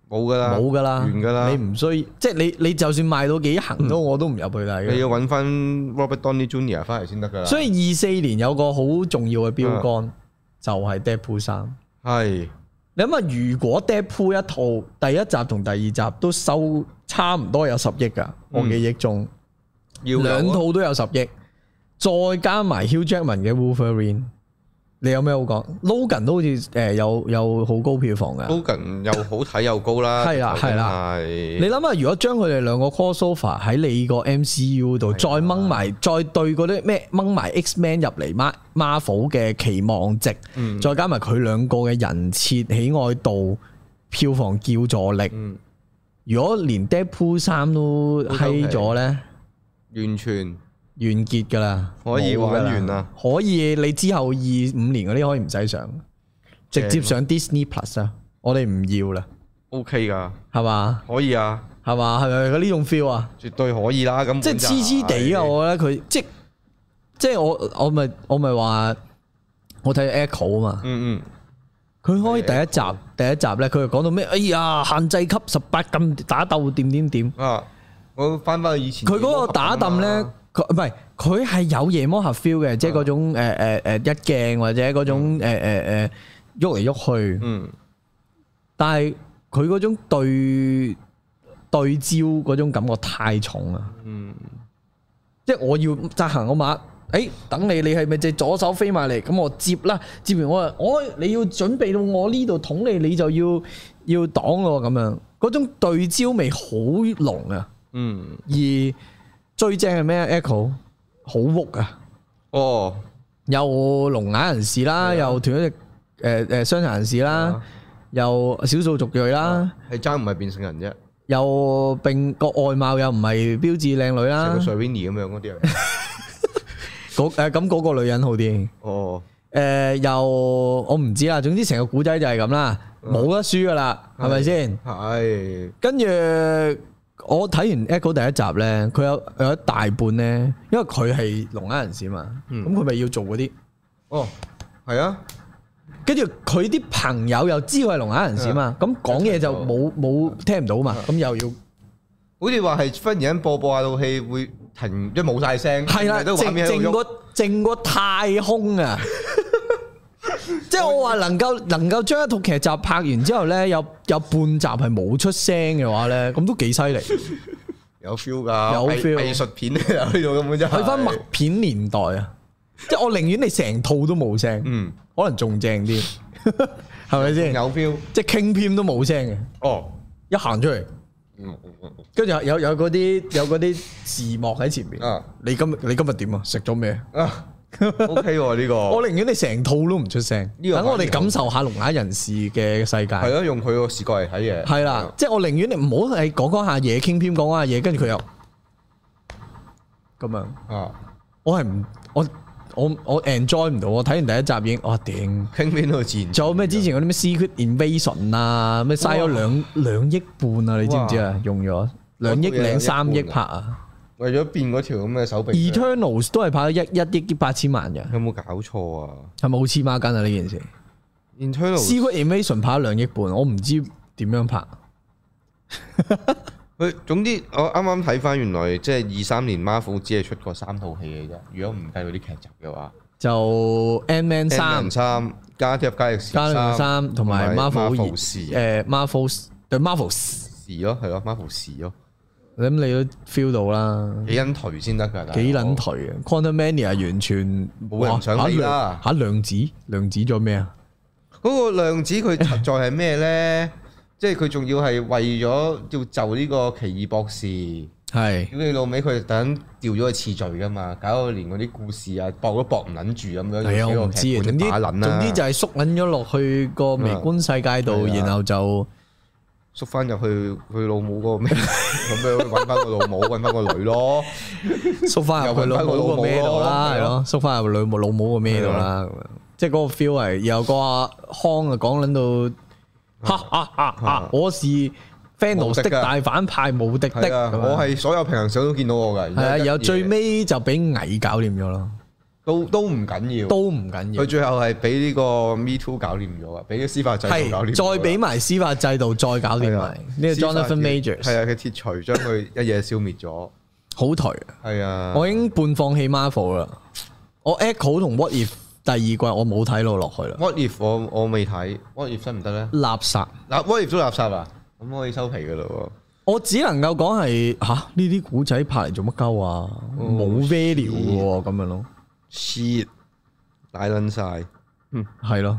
冇噶啦，完噶啦，你唔需要，即、就、係、是、你你就算賣到幾行都、嗯、我都唔入去睇。你要揾翻 Robert Downey Junior 翻嚟先得噶。所以二四年有個好重要嘅標杆、嗯、就係 Deadpool 三。係是你諗下，如果 Deadpool 一套第一集同第二集都收差唔多有十億噶，我記憶中兩、嗯、套都有十億，再加埋 Hugh Jackman 嘅 Wolverine。你有咩好講？Logan 都好似誒有有好高票房嘅，Logan 又好睇又高啦，係啦，係啦。你諗下，如果將佢哋兩個 crossover 喺你個 MCU 度，再掹埋再對嗰啲咩掹埋 X-Men 入嚟，Marvel 嘅期望值，嗯、再加埋佢兩個嘅人設喜愛度、票房叫助力，嗯、如果連 Deadpool 三都閪咗呢，完全。完結噶啦，可以玩完啦。可以，你之後二五年嗰啲可以唔使上，直接上 Disney Plus 啊。我哋唔要啦，OK 噶，係嘛？可以啊，係嘛？係咪？嗰呢種 feel 啊？絕對可以啦。咁即係黐黐地啊！我覺得佢即係即係我我咪我咪話我睇 Echo 啊嘛。嗯嗯，佢開第一集第一集咧，佢就講到咩？哎呀，限制級十八禁打鬥點點點啊！我翻翻去以前佢嗰個打鬥咧。佢唔係，佢係有夜魔俠 feel 嘅，啊、即係嗰種誒誒誒一鏡或者嗰種誒誒誒喐嚟喐去。嗯，但係佢嗰種對對焦嗰種感覺太重啦。嗯，即係我要執行個馬，誒、欸，等你，你係咪隻左手飛埋嚟？咁我接啦，接完我，我你要準備到我呢度捅你，你就要要擋咯咁樣。嗰種對焦味好濃啊。嗯，而最正係咩？Echo 好屋啊！哦，又聾啞人士啦，又斷咗隻誒誒，傷殘人士啦，又少數族裔啦，係爭唔係變成人啫？又並個外貌又唔係標誌靚女啦，成個 Saranyi 咁樣嗰啲啊！嗰誒咁嗰個女人好啲哦。誒，又我唔知啦，總之成個古仔就係咁啦，冇得輸噶啦，係咪先？係，跟住。我睇完《Echo》第一集咧，佢有有一大半咧，因為佢係聾啞人士嘛，咁佢咪要做嗰啲哦，係啊，跟住佢啲朋友又知我係聾啞人士嘛，咁講嘢就冇冇聽唔到嘛，咁、啊、又要好似話係忽然播一播下套戲會停，即冇晒聲，係啦，靜靜過靜過太空啊！ 即係我話能夠能夠將一套劇集拍完之後咧，有有半集係冇出聲嘅話咧，咁都幾犀利。有 feel 噶，藝藝術片咧去到咁嘅啫，去翻默片年代啊！即係我寧願你成套都冇聲，嗯，可能仲正啲，係咪先？有 feel，即係傾片都冇聲嘅。哦，一行出嚟，嗯，跟住有有嗰啲有啲字幕喺前面啊！你今你今日點啊？食咗咩啊？O K 喎，呢個，我寧願你成套都唔出聲，呢個等我哋感受下聾啞人士嘅世界。係咯，用佢個視角嚟睇嘢。係啦，即係我寧願你唔好係講講下嘢，傾傾講下嘢，跟住佢又咁樣。啊，我係唔，我我我 enjoy 唔到。我睇完第一集已經，哇頂，傾片都自然。仲有咩之前嗰啲咩 Secret Invasion 啊，咩嘥咗兩兩億半啊？你知唔知啊？用咗兩億兩三億拍啊！為咗變嗰條咁嘅手臂，Eternals 都係跑咗一一億八千萬嘅，有冇搞錯啊？係咪好似孖筋啊？呢件事，Eternals。Secret Invasion 跑兩億半，我唔知點樣拍。佢總之，我啱啱睇翻，原來即係二三年 Marvel 只係出過三套戲嘅啫。如果唔計嗰啲劇集嘅話，就《Man 三三加 T F 加 S 三》同埋《Marvels》。誒，Marvel 對 Marvels 咯，係咯，Marvels 咯。咁你都 feel 到啦，幾撚頹先得噶，幾撚頹啊？Quantum Mania 完全冇人想睇啦！吓，量子，量子做咩啊？嗰個量子佢實在係咩咧？即係佢仲要係為咗要就呢個奇異博士，係屌你老味，佢等掉咗個次序噶嘛，搞到連嗰啲故事啊，搏都搏唔撚住咁樣，係啊，我唔知啊，總之就係縮撚咗落去個微觀世界度，然後就。縮翻入去佢老母嗰個咩咁樣，揾翻個老母，揾翻個女咯，縮翻入佢老母個咩度啦，係咯，縮翻入去，女老母個咩度啦，即係嗰個 feel 係。然後個阿康啊講撚到，哈哈，我是 fans 的大反派無敵的，我係所有平行世界都見到我㗎。係啊，然後最尾就俾蟻搞掂咗咯。都都唔緊要，都唔緊要。佢最後係俾呢個 Me Too 搞掂咗啊！俾啲司法制度搞掂咗，再俾埋司法制度再搞掂埋。呢個 Jonathan Majors 係啊，佢切除將佢一嘢消滅咗，好頹啊！係啊，我已經半放棄 Marvel 啦。我 Echo 同 What If 第二季我冇睇到落去啦。What If 我我未睇，What If 得唔得咧？垃圾嗱，What If 都垃圾啊！咁可以收皮噶咯？我只能夠講係吓，呢啲古仔拍嚟做乜鳩啊？冇、oh, value 喎，咁樣咯～s She, 大捻晒，嗯，係咯，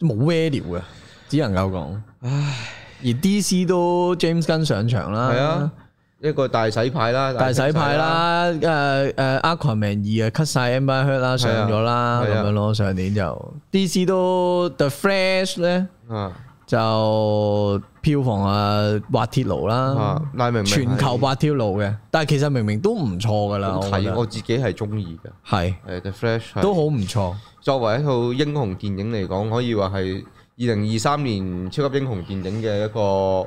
冇 value 嘅，只能夠講，唉，而 DC 都 James Gunn 上場啦，係啊，一個大洗牌啦，大洗牌啦，誒誒 Aquaman 二啊 cut 晒 Amber Heard 啦，啊啊、2，上咗啦，咁樣咯，上年就 DC 都 The Flash 咧，嗯、啊。就票房啊，滑鐵盧啦、啊，但、啊、明明全球滑鐵盧嘅，哎、但係其實明明都唔錯噶啦。睇我，我自己係中意嘅，係誒是，The Flash 都好唔錯。作為一套英雄電影嚟講，可以話係二零二三年超級英雄電影嘅一個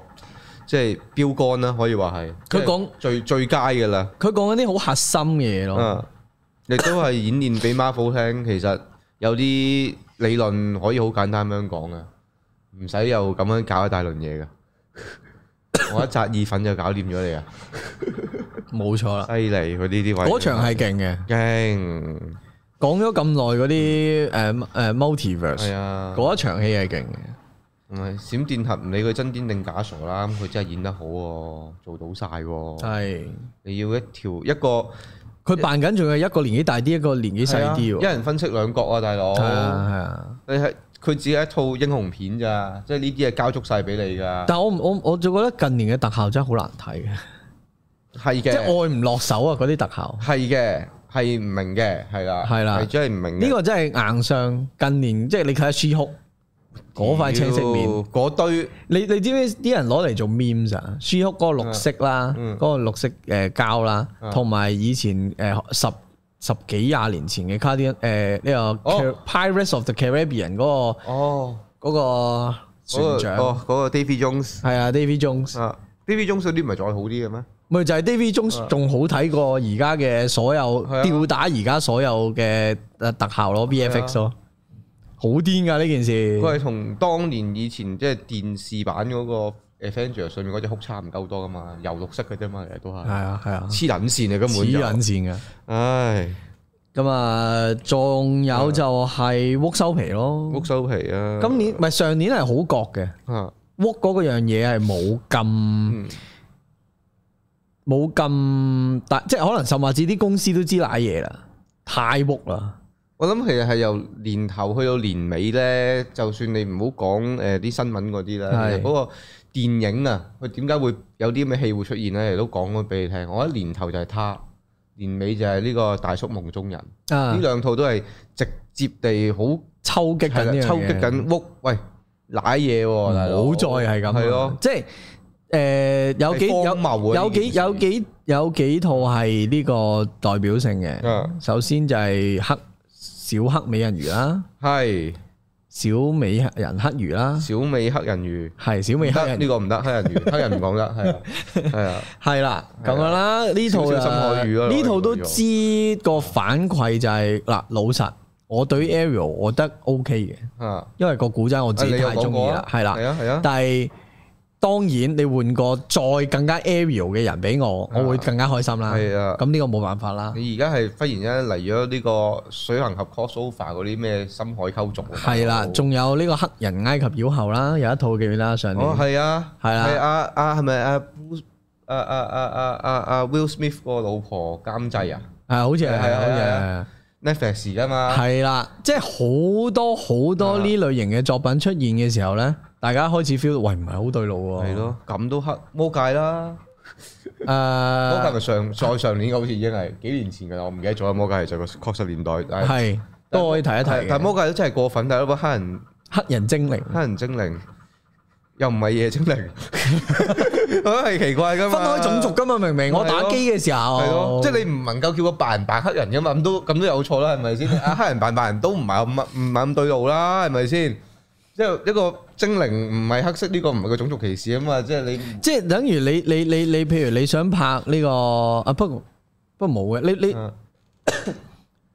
即係標杆啦，可以話係。佢講說最最佳嘅啦，佢講一啲好核心嘅嘢咯，亦、嗯、都係演練俾 Marvel 聽。其實有啲理論可以好簡單咁樣講嘅。唔使又咁樣搞一大輪嘢噶，我一扎意粉就搞掂咗你啊！冇錯啦，犀利佢呢啲位，嗰場係勁嘅，驚講咗咁耐嗰啲誒誒，multiverse 嗰一場戲係勁嘅，閃電俠唔理佢真癲定假傻啦，咁佢真係演得好喎，做到晒喎，係你要一條一個，佢扮緊仲係一個年紀大啲，一個年紀細啲，一人分飾兩角啊，大佬係啊係啊，你係。佢只係一套英雄片咋，即係呢啲嘢交足曬俾你㗎。但係我我我就覺得近年嘅特效真係好難睇嘅，係嘅，即係愛唔落手啊！嗰啲特效係嘅，係唔明嘅，係啦，係啦，真係唔明。呢個真係硬傷近年，即係你睇《She Hulk》嗰塊青色面，嗰堆你你知唔知啲人攞嚟做 meme 咋？She Hulk 嗰個綠色啦，嗰個綠色誒膠啦，同埋以前誒十。十幾廿年前嘅、呃《卡丁》誒呢個《oh. Pirates of the Caribbean、那個》嗰個哦嗰個船長哦嗰、oh. 個 Davy Jones 係啊 Davy Jones Davy Jones 嗰啲唔係再好啲嘅咩？咪就係 Davy Jones 仲好睇過而家嘅所有，吊打而家所有嘅誒特效咯，BFX 咯，好癲㗎呢件事，佢係同當年以前即係電視版嗰、那個。嘅 f r 上面嗰隻哭差唔夠多噶嘛，又綠色嘅啫嘛，其實都係係啊係啊，黐撚線啊，根本黐撚線嘅，唉，咁啊，仲有就係屋收皮咯，屋收皮啊，今年咪上年係好焗嘅，啊、屋嗰樣嘢係冇咁冇咁大，即係可能甚至啲公司都知嗱嘢啦，太屋啦，我諗其實係由年頭去到年尾咧，就算你唔好講誒啲新聞嗰啲啦，不過電影啊，佢點解會有啲咩戲會出現咧？亦都講咗俾你聽。我一年頭就係他，年尾就係呢個大叔夢中人。呢兩套都係直接地好抽擊緊，抽擊緊屋喂瀨嘢喎，大佬。唔好再係咁。係咯，即係誒有幾有有幾有幾有幾套係呢個代表性嘅。首先就係黑小黑美人魚啦，係。小美黑人黑魚啦，小美黑人魚係小美黑人，呢個唔得，黑人魚黑人唔講得係啊係啊係啦咁樣啦，呢套呢套都知個反饋就係嗱老實我對於 Ariel 我覺得 OK 嘅，因為個古仔我自己太中意啦係啦，係啊係啊但係。當然，你換個再更加 Aerial 嘅人俾我，我會更加開心啦。係啊，咁呢個冇辦法啦。你而家係忽然間嚟咗呢個水行俠 c a l l s o f a 嗰啲咩深海溝族？係啦的，仲囉有呢個黑人埃及妖后啦，有一套叫啦上年。哦，係啊，係啊的，阿阿係咪阿阿阿阿阿阿 Will Smith 個老婆監製啊？係，好似係，好似 Netflix 㗎嘛。係啦，即係好多好多呢類型嘅作品出現嘅時候咧。大家開始 feel 到，喂唔係好對路喎。係咯，咁都黑魔界啦。誒，魔界咪上再上年嘅好似已經係幾年前㗎喇。我唔記得咗啦。魔界係就個確實年代。係，再睇一睇。但魔界都真係過分，睇到個黑人黑人精靈，黑人精靈又唔係野精靈，係奇怪噶。分開種族噶嘛？明明我打機嘅時候，即係你唔能夠叫個白人扮黑人噶嘛？咁都咁都有錯啦，係咪先？啊，黑人扮白人都唔係唔唔係咁對路啦，係咪先？即係一個。精靈唔係黑色，呢個唔係個種族歧視啊嘛，即係你即係等於你你你你，你，譬如你想拍呢個啊，不過不過冇嘅，你你、啊。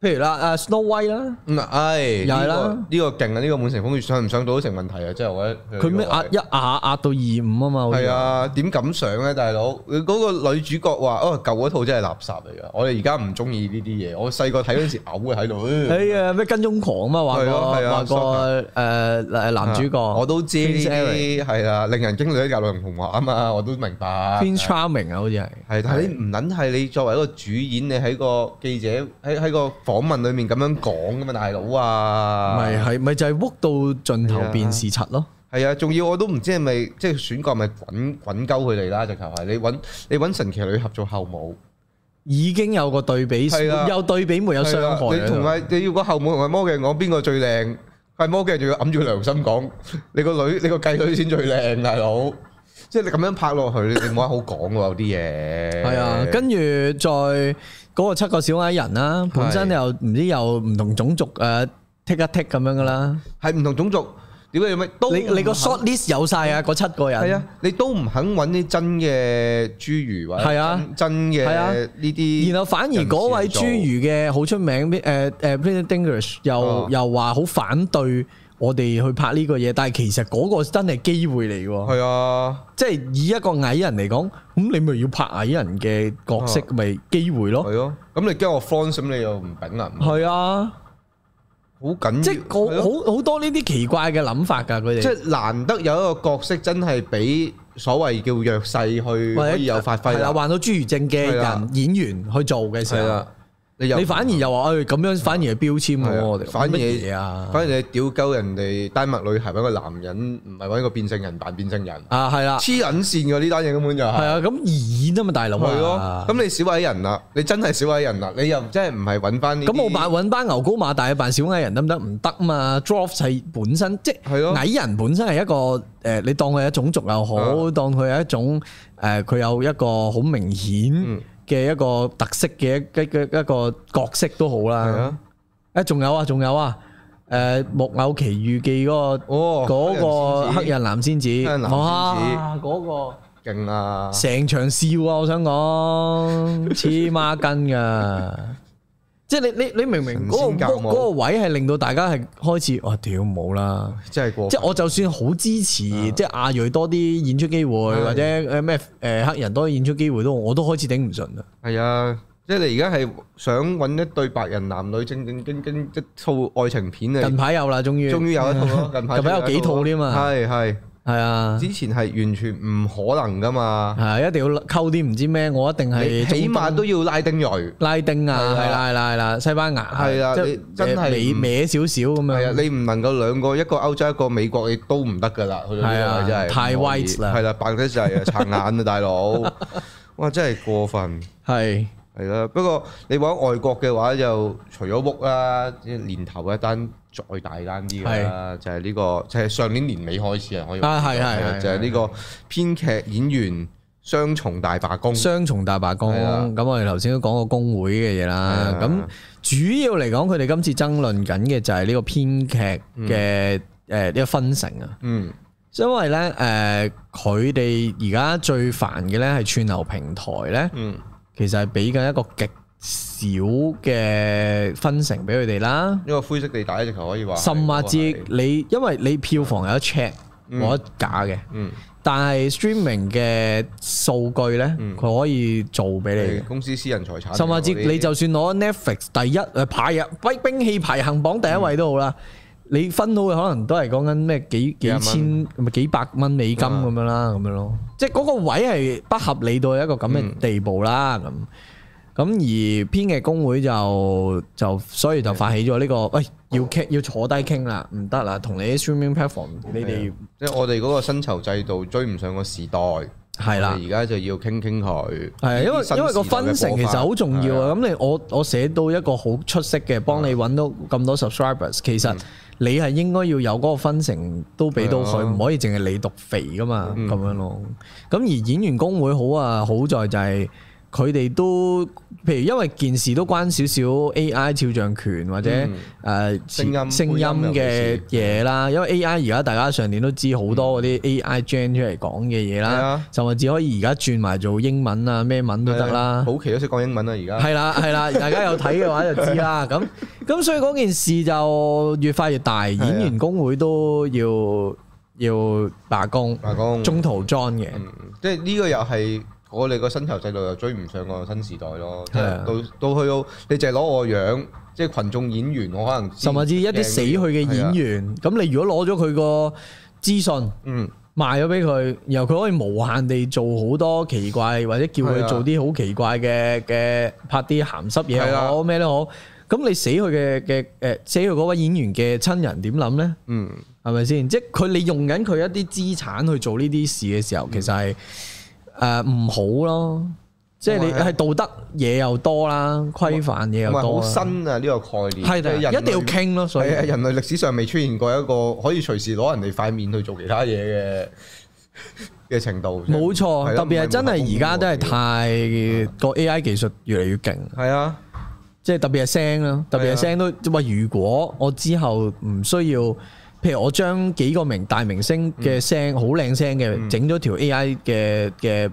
譬如啦，啊 Snow White 啦，嗯係又係啦，呢個勁啊，呢個滿城風雨上唔上到都成問題啊，即係我覺得，佢咩壓一壓壓到二五啊嘛，係啊，點敢上咧大佬？嗰個女主角話哦舊嗰套真係垃圾嚟噶，我哋而家唔中意呢啲嘢，我細個睇嗰時嘔啊喺度，係啊咩跟蹤狂啊嘛，話個話個誒男主角，我都知係啊，令人驚嘅格林童話啊嘛，我都明白，charming 啊好似係，係但係你唔捻係你作為一個主演，你喺個記者喺喺個。訪問裏面咁樣講噶嘛，大佬啊，咪係咪就係屋到盡頭變屎賊咯？係啊，仲要、啊、我都唔知係咪即係選角咪揾揾鳩佢哋啦？直頭係你揾你揾神奇女俠做後母，已經有個對比，啊、有對比沒有傷害、啊。你同埋你要個後母同埋魔鏡講邊個最靚？係魔鏡仲要揞住良心講，你個女你個繼女先最靚，大佬。即、就、係、是、你咁樣拍落去，你冇乜好講喎， 有啲嘢。係啊，跟住再。再嗰個七個小矮人啦，本身又唔知又唔同種族，誒 take 一 take 咁樣噶啦，係唔同種族點解要咩？你你個 shortlist 有曬啊，嗰七個人，你都唔肯揾啲真嘅侏儒或者真嘅呢啲，然後反而嗰位侏儒嘅好出名，誒誒 Peter Dinklage 又又話好反對。我哋去拍呢個嘢，但係其實嗰個真係機會嚟嘅。係啊，即係以一個矮人嚟講，咁你咪要拍矮人嘅角色咪機會咯。係咯，咁你驚我 fans 咁你又唔頂人。係啊，好緊，即係我好好多呢啲奇怪嘅諗法噶佢哋，即係難得有一個角色真係俾所謂叫弱勢去可以有發揮啦，患到侏儒症嘅人演員去做嘅時候。你，你反而又話，誒、哎、咁樣反而係標籤喎，反嘢啊！反而，反而你屌鳩人哋丹麥女，係揾個男人，唔係揾一個變性人扮變性人啊！係啦，黐撚線㗎呢單嘢根本就係、是。係啊，咁演啊嘛大佬，係咯。咁你小矮人啦，你真係小矮人啦，你又真係唔係揾翻呢？咁我扮揾翻牛高馬大嘅扮小矮人得唔得？唔得啊嘛 Dwarf 係本身即係的的矮人本身係一個誒，你當佢係一種族又好，當佢係一種誒，佢有一個好明顯。嗯嘅一個特色嘅一個一個角色都好啦，啊，哎，仲有啊，仲有啊，誒《木偶奇遇記》嗰個，哦，嗰個黑人，黑人藍仙子，哇，嗰個勁啊，成場笑啊，我想講黐孖筋㗎！ 即係你你你明明嗰，那個那個那個位係令到大家係開始哇屌冇，啊，啦，即係過即係我就算好支持，啊、即係亞裔多啲演出機會，啊，或者誒咩誒黑人多啲演出機會都我都開始頂唔順啦。係啊，即係你而家係想揾一對白人男女正正經經一套愛情片啊？近排有啦，終於終於有一套，近排有， 有幾套添啊。係係。係啊，之前係完全唔可能噶嘛，係啊一定要溝啲唔知咩，我一定係起碼都要拉丁裔，拉丁啊，係啦係啦係啦，西班牙係啊，真係你歪少少咁樣，你唔能夠兩個一個歐洲一個美國亦都唔得噶啦，係啊，太 white 啦，係啦，白得滯啊，撐眼啊大佬，哇真係過分，係。係啦，不過你話外國嘅話，就除咗屋啦，啲年頭一單再大一單啲啦，的就係呢、這個，就係、是、上年年尾開始啊，可以啊，係係的就係呢個編劇演員雙重大罷工，雙重大罷工。咁的我哋頭先都講過工會嘅嘢啦，咁的主要嚟講，佢哋今次爭論緊嘅就係呢個編劇嘅誒，呢、嗯呃這個分成啊，嗯，因為咧誒，佢哋而家最煩嘅咧係串流平台咧，嗯。其實係俾緊一個極少嘅分成俾佢哋啦，一個灰色地帶一隻球可以話。甚至你，是因為你票房有得 check、嗯、我得假嘅。嗯。但係 streaming 嘅數據咧，佢、嗯、可以做俾你。公司私人財產。甚至你、嗯、你就算攞 Netflix 第一，誒、啊、排入兵兵器排行榜第一位都好啦。嗯嗯你分到嘅可能都係講緊咩幾幾千咪幾百蚊美金咁樣啦，咁樣咯，即係嗰個位係不合理到一個咁嘅地步啦，咁咁而編劇工會就就所以就發起咗呢個，喂，要傾要坐低傾啦，唔得啦，同你 streaming platform 你哋即係我哋嗰個薪酬制度追唔上個時代，係啦，而家就要傾傾佢，係因為因為個分成其實好重要啊，咁你我我寫到一個好出色嘅，幫你揾到咁多 subscribers，其實。你係應該要有嗰個分成，都畀到佢，唔可以淨係的你讀肥㗎嘛，咁、嗯、樣咯。咁而演員工會好啊，好在就係、是。佢哋都，譬如因為件事都關少少 A I 肖像權或者誒、嗯呃、聲音聲音嘅嘢啦，因為 A I 而家大家上年都知好多嗰啲 A I generate 出嚟講嘅嘢啦，嗯、就話只可以而家轉埋做英文啊咩文都得啦，好、嗯、奇都識講英文啦而家。係啦係啦，大家有睇嘅話就知啦。咁咁 的所以嗰件事就越快越大，的嗯、演員工會都要要罷工，罷工中途 join 嘅、嗯，即係呢個又係。我哋個薪酬制度又追唔上個新時代咯，即係的到到去到你淨係攞我樣，即係群眾演，演員，我可能甚至一啲死去嘅演員。咁你如果攞咗佢個資訊，嗯的，賣咗俾佢，然後佢可以無限地做好多奇怪，或者叫佢做啲好奇怪嘅嘅拍啲鹹濕嘢，好咩咧？都好，咁你死去嘅嘅誒，死去嗰位演員嘅親人點諗咧？嗯的，係咪先？即係佢你用緊佢一啲資產去做呢啲事嘅時候，其實係。誒，唔、呃、好咯，即係你係的道德嘢又多啦，規範嘢又多，唔係好新啊呢、這個概念，係的，類一定要傾咯、啊。所以人類歷史上未出現過一個可以隨時攞人哋塊面去做其他嘢嘅嘅程度。冇錯，特別係真係而家真係太個 AI 技術越嚟越勁。係啊的，即係特別係聲咯，特別係聲都，喂，如果我之後唔需要。譬如我將幾個明大明星嘅聲好靚聲嘅，整咗條 AI 嘅嘅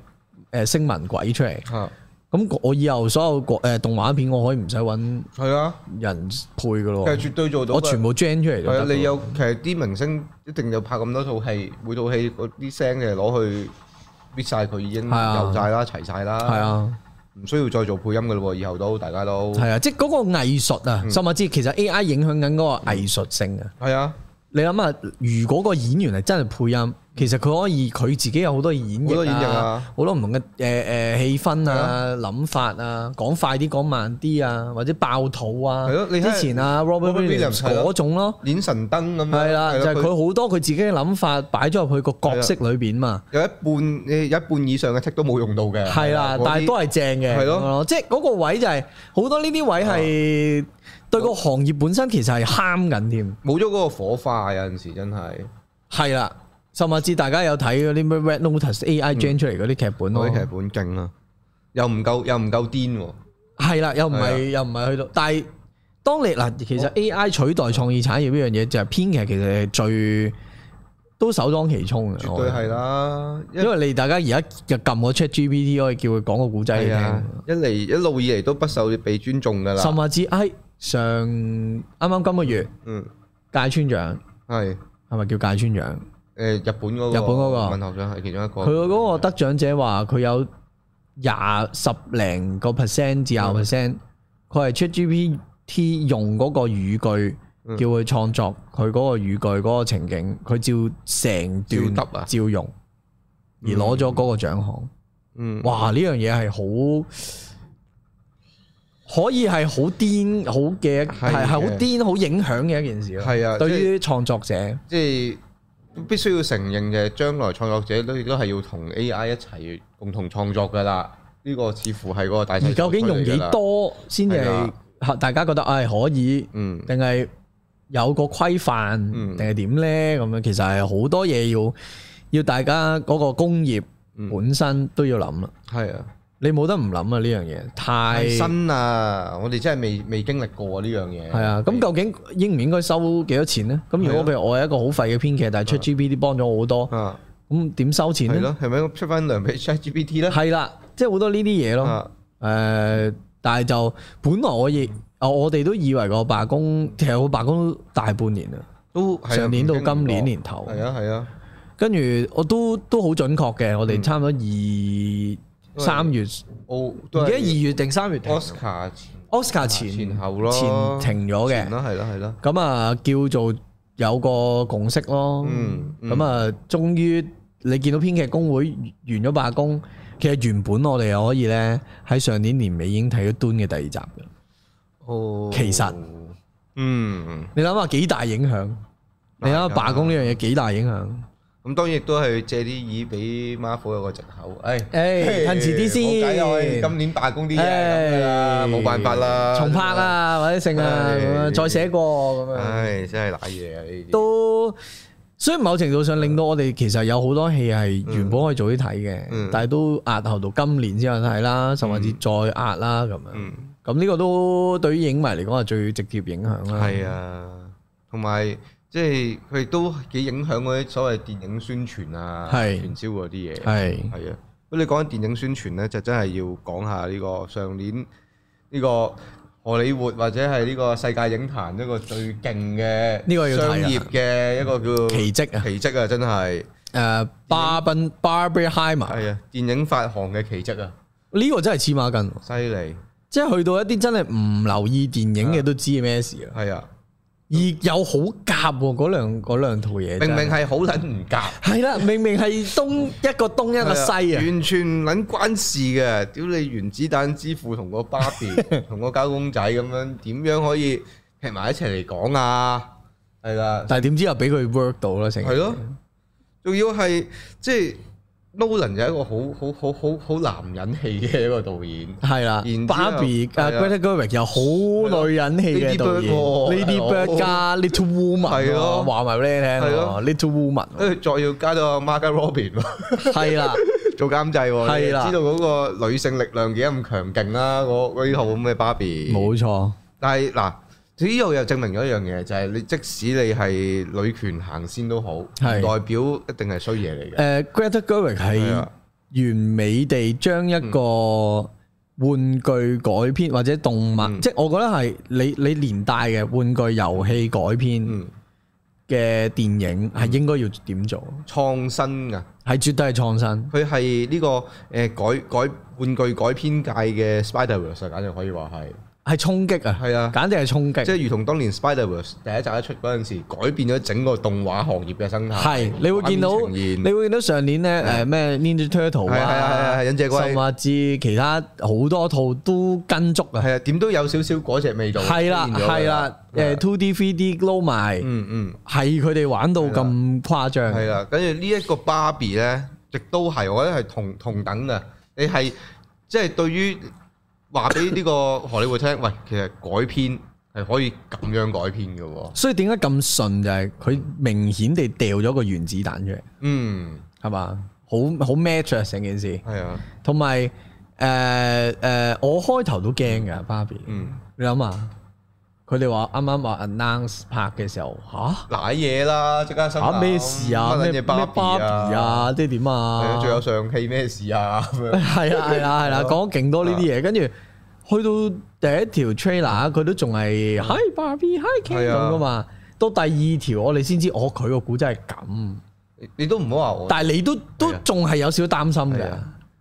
誒聲紋軌出嚟。咁我以後所有國誒動畫片，我可以唔使揾係啊人配噶咯。係絕對做到，我全部 gen 出嚟。係啊，你有其實啲明星一定就拍咁多套戲，每套戲嗰啲聲嘅攞去搣晒佢已經有晒啦，齊晒啦，係啊，唔需要再做配音噶咯。以後都大家都係啊，即係嗰個藝術啊，甚至其實 AI 影響緊嗰個藝術性啊。係啊。你諗下，如果個演員係真係配音，其實佢可以佢自己有好多演繹好多唔同嘅誒誒氣氛啊、諗法啊，講快啲、講慢啲啊，或者爆肚啊，你之前啊 Robert Williams 嗰種咯，演神燈咁樣。係啦，就係佢好多佢自己嘅諗法擺咗入去個角色裏邊嘛。有一半，有一半以上嘅 take 都冇用到嘅。係啦，但係都係正嘅。係咯，即係嗰個位就係好多呢啲位係。對個行業本身其實係慳緊添，冇咗嗰個火花，有陣時真係係啦。甚至大家有睇嗰啲咩 Red Notice AI Gen、嗯、出嚟嗰啲劇本，嗰啲劇本勁啊，又唔夠又唔夠癲。係啦，又唔係又唔係了去到，但係當你嗱，其實 AI 取代創意產業呢樣嘢，就係編劇其實係最。都首當其衝嘅，絕對係啦，因為你大家而家就撳個 ChatGPT 可以叫佢講個古仔，嘅、啊。一嚟一路以嚟都不受被尊重噶啦。甚至係、哎，上啱啱今個月，嗯，芥川獎係係咪叫芥川獎？誒、呃，日本嗰個日本、嗰個文學獎係其中一個。佢嗰個得獎者話佢有廿十零個 percent 至廿 percent，佢係 ChatGPT 用嗰個語句。叫佢創作佢嗰個語句嗰個情景，佢照成段照用而，而攞咗嗰個獎項。嗯，哇！呢樣嘢係好可以係好癲好嘅，係係好癲好影響嘅一件事咯。係啊的，對於創作者，即係必須要承認嘅，將來創作者都亦都係要同 AI 一齊共同創作噶啦。嗯，呢個似乎係嗰個大。而究竟用幾多先至係大家覺得誒可以？嗯，定係？有個規範定係點咧？咁樣、嗯、其實係好多嘢要要大家嗰個工業本身都要諗啦。係啊、嗯，你冇得唔諗啊，呢樣嘢太新啦！我哋真係未未經歷過呢樣嘢。係啊，咁、這個啊、究竟應唔應該收幾多錢咧？咁、啊、如果譬如我係一個好廢嘅編劇，但係 ChatGPT 幫咗我好多，咁點、啊、收錢咧？係咯、啊，係咪出翻糧俾 ChatGPT 咧？係啦、啊，即係好多呢啲嘢咯。誒、啊，但係就本來我亦。啊！我哋都以為個罷工，其實我罷工都大半年啦，都上年到今年年頭。係啊係啊，啊跟住我都都好準確嘅，我哋差唔多二三、嗯、月，而家二月定三月停。Oscar, Oscar 前，前，前後咯，前停咗嘅。係啦係啦係啦，咁啊，啊叫做有個共識咯。嗯、咁啊、嗯、終於你見到編劇工會完咗罷工，其實原本我哋可以咧喺上年年尾已經睇咗 Dune 嘅第二集嘅。其實，嗯，你諗下幾大影響？你諗下罷工呢樣嘢幾大影響？咁當然亦都係借啲意俾 Marvel 有個藉口。誒誒，趁遲啲先，今年罷工啲嘢冇辦法啦，重拍啊或者剩啊，咁樣再寫過咁樣。唉，真係瀨嘢啊！呢啲都，所以某程度上令到我哋其實有好多戲係原本可以早啲睇嘅，但係都壓後到今年先有得睇啦，甚至再壓啦咁樣。咁呢個都對於影迷嚟講係最直接影響啦。係啊，同埋即係佢都幾影響嗰啲所謂電影宣傳啊、傳銷嗰啲嘢。係係啊，咁你講緊電影宣傳咧，就真係要講下呢個上年呢個荷里活或者係呢個世界影壇一個最勁嘅呢個商業嘅一個叫奇蹟啊！奇蹟啊！奇蹟啊，真係誒，巴賓 Barbenheimer 啊，電影發行嘅奇蹟啊！呢個真係黐孖筋，犀利！即係去到一啲真係唔留意電影嘅都知咩事啊！係啊的，而有好夾喎，嗰兩兩套嘢明明係好捻唔夾，係啦， 明明係東一個東一個西啊，完全捻關事嘅。屌你原子彈之父同個芭比同個膠公仔咁樣，點樣可以劈埋一齊嚟講啊？係啦， 但係點知又俾佢 work 到啦的，成日係咯，仲要係即係。Nolan 就係一個好好好好好男人氣嘅一個導演，係啦。然 Barbie 啊，Greta Gerwig 又好女人氣嘅導演，Lady Bird 加 Little Woman，係咯，話埋俾你聽，係咯，Little Woman，跟住再要加到 Margot Robbie 係啦，做監製，係啦，知道嗰個女性力量幾咁強勁啦，我我以後冇咩 Barbie，冇錯。但係嗱。呢度又證明咗一樣嘢，就係你即使你係女權行先都好，係代表一定係衰嘢嚟嘅。誒，Greta Gerwig 係完美地將一個玩具改編或者動物，即係我覺得係你你連帶嘅玩具遊戲改編嘅電影係應該要點做？創新㗎，係絕對係創新。佢係呢個誒改改玩具改編界嘅《Spider-Verse》，簡直可以話係。係衝擊啊！係啊，簡直係衝擊！即係如同當年 Spider Verse 第一集一出嗰陣時，改變咗整個動畫行業嘅生態。係，你會見到，你會見到上年咧，誒咩 Ninja Turtle 啊，啊，忍者神龜甚至其他好多套都跟足啊！係啊，點都有少少嗰隻味道。係啦，係啦，誒 Two D、Three D 撈埋，嗯嗯，係佢哋玩到咁誇張。係啦，跟住呢一個芭比咧，亦都係我覺得係同同等嘅。你係即係對於。話俾呢個荷里活聽，喂，其實改編係可以咁樣改編嘅，所以點解咁順就係、是、佢明顯地掉咗個原子彈出嚟，嗯，係嘛，好好 match 啊，成件事，係啊，同埋誒誒，我開頭都驚噶，芭比，嗯，你諗下。佢哋話啱啱話 announce 拍嘅時候吓，瀨嘢啦，即刻收檔。咩事啊？咩咩芭比啊？即係點啊？仲有上戲咩事啊？係麼啊係啊係啦，講咗勁多呢啲嘢，跟住去到第一條 trailer 佢都仲係 hi 芭比 hi ken 咁噶嘛。到第二條我哋先知，我佢個故仔真係咁。你都你都唔好話我，但係你都都仲係有少少擔心嘅。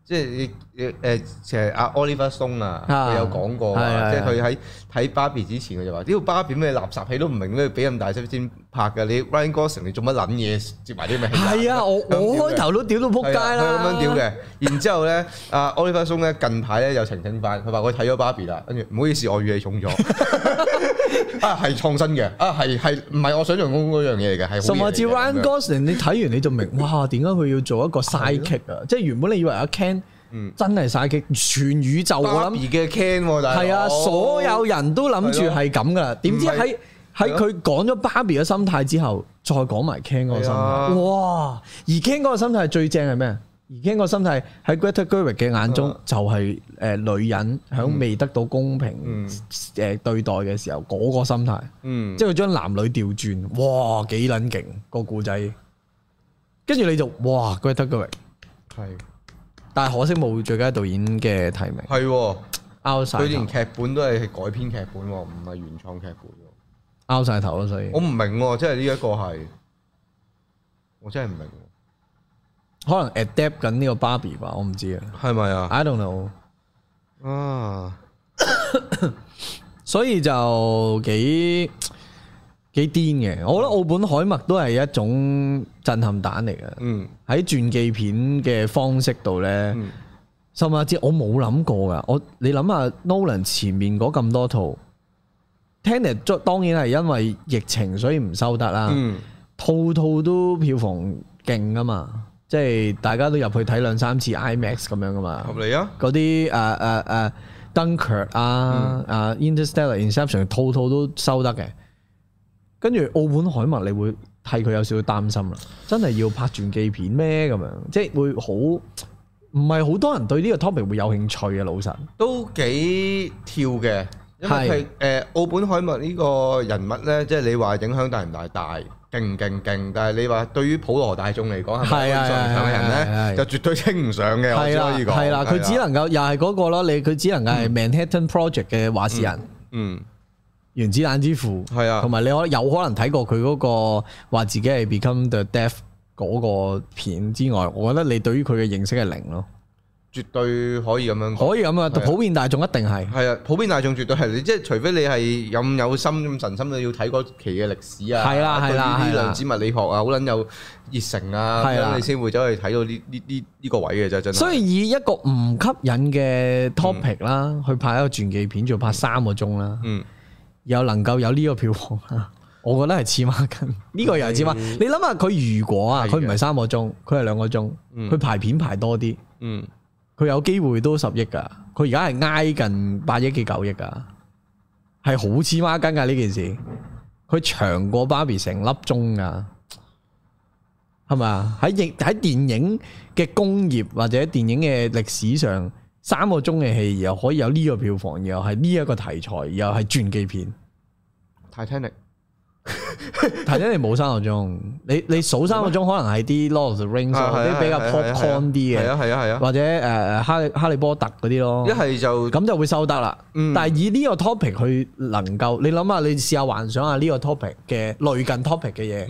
即係你你其實阿 Oliver Stone 啊的，有講過，的即係佢喺睇 Barbie 之前，佢就話：屌個 Barbie 咩垃圾戲都唔明，咩俾咁大聲先拍嘅？你 Ryan Gosling 你做乜撚嘢接埋啲咩戲？係啊，我我開頭都屌到仆街啦，咁樣屌嘅。然之後咧，阿 Oliver Stone 咧近排咧又澄清翻，佢話我睇咗 Barbie 啦，跟住唔好意思，我語氣重咗。 啊，係創新嘅，啊係係，唔係我想象中嗰樣嘢嚟嘅，係。甚至 Ryan 樣 Gosling，你睇完你就明， 哇，點解佢要做一個晒劇啊？即係原本你以為阿 Ken，ych, 嗯，真係晒劇，全宇宙我諗。而 a 嘅 Ken，但係啊，所有人都諗住係咁噶啦，點知喺喺佢講咗 Barbie 嘅心態之後，再講埋 Ken 嗰個心態，的哇！而 Ken 嗰個心態係最正係咩？而傾個心態喺 Greta Gerwig 嘅眼中就係誒女人喺未得到公平誒對待嘅時候嗰個心態，即係佢將男女調轉，哇幾撚勁個故仔！跟住你就哇 Greta Gerwig 係，但係可惜冇最佳導演嘅提名，係拗曬佢，連劇本都係改編劇本喎，唔係原創劇本，拗曬頭咯，所以我唔明，即係呢一個係我真係唔明。可能 adapt 緊呢個芭比吧，我唔知啊，係咪啊？I don't know。啊哇， 所以就幾幾癲嘅。我覺得澳本海默都係一種震撼彈嚟嘅。嗯，喺傳記片嘅方式度咧，甚至我冇諗過噶。我你諗下 Nolan 前面嗰咁多套，Tenet 當然係因為疫情所以唔收得啦。嗯，套套都票房勁噶嘛。即係大家都入去睇兩三次 IMAX 咁樣噶嘛，合理啊！嗰啲誒誒誒 Dunkirk 啊、誒、uh, uh, uh, uh, uh, Interstellar、Inception 套套都收得嘅，跟住奧本海默，你會替佢有少少擔心啦。真係要拍傳記片咩？咁樣即係會好唔係好多人對呢個 topic 會有興趣嘅，老實都幾跳嘅。因為佢誒，奧本海默呢個人物咧，即係你話影響大唔大大，勁唔勁勁，但係你話對於普羅大眾嚟講係咪高上人咧，啊、就絕對稱唔上嘅。啊、我所係啦，佢、啊、只能夠、啊、又係嗰、那個咯，你佢只能夠係 Manhattan Project 嘅話事人嗯，嗯，原子彈之父，係啊，同埋你可有可能睇過佢嗰、那個話自己係 Become the Death 嗰個片之外，我覺得你對於佢嘅認識係零咯。絕對可以咁樣，可以咁啊！普遍大眾一定係，係啊！普遍大眾絕對係你，即係除非你係咁有心咁神心，你要睇嗰期嘅歷史啊，對呢量子物理學啊，好撚有熱誠啊，咁你先會走去睇到呢呢呢呢個位嘅啫，真。所以以一個唔吸引嘅 topic 啦，去拍一個傳記片，仲要拍三個鐘啦，嗯，又能夠有呢個票房，啊。我覺得係黐孖筋，呢個又係黐孖筋。你諗下佢如果啊，佢唔係三個鐘，佢係兩個鐘，佢排片排多啲，嗯。佢有機會都十億噶，佢而家係挨近八億幾九億噶，係好黐孖筋噶呢件事。佢長過爸爸《芭比》成粒鐘噶，係咪啊？喺影喺電影嘅工業或者電影嘅歷史上，三個鐘嘅戲又可以有呢個票房，又係呢一個題材，又係傳記片。Titanic。頭先 你冇三個鐘， 你你數三個鐘麼可能係啲、啊《Lord of the Rings》啲比較 popcorn 啲嘅，係啊係啊係啊，啊啊啊或者誒《哈利哈利波特》嗰啲咯，一係就咁就會收得啦。嗯、但係以呢個 topic 去能夠，你諗下，你試下幻想下呢個 topic 嘅類近 topic 嘅嘢，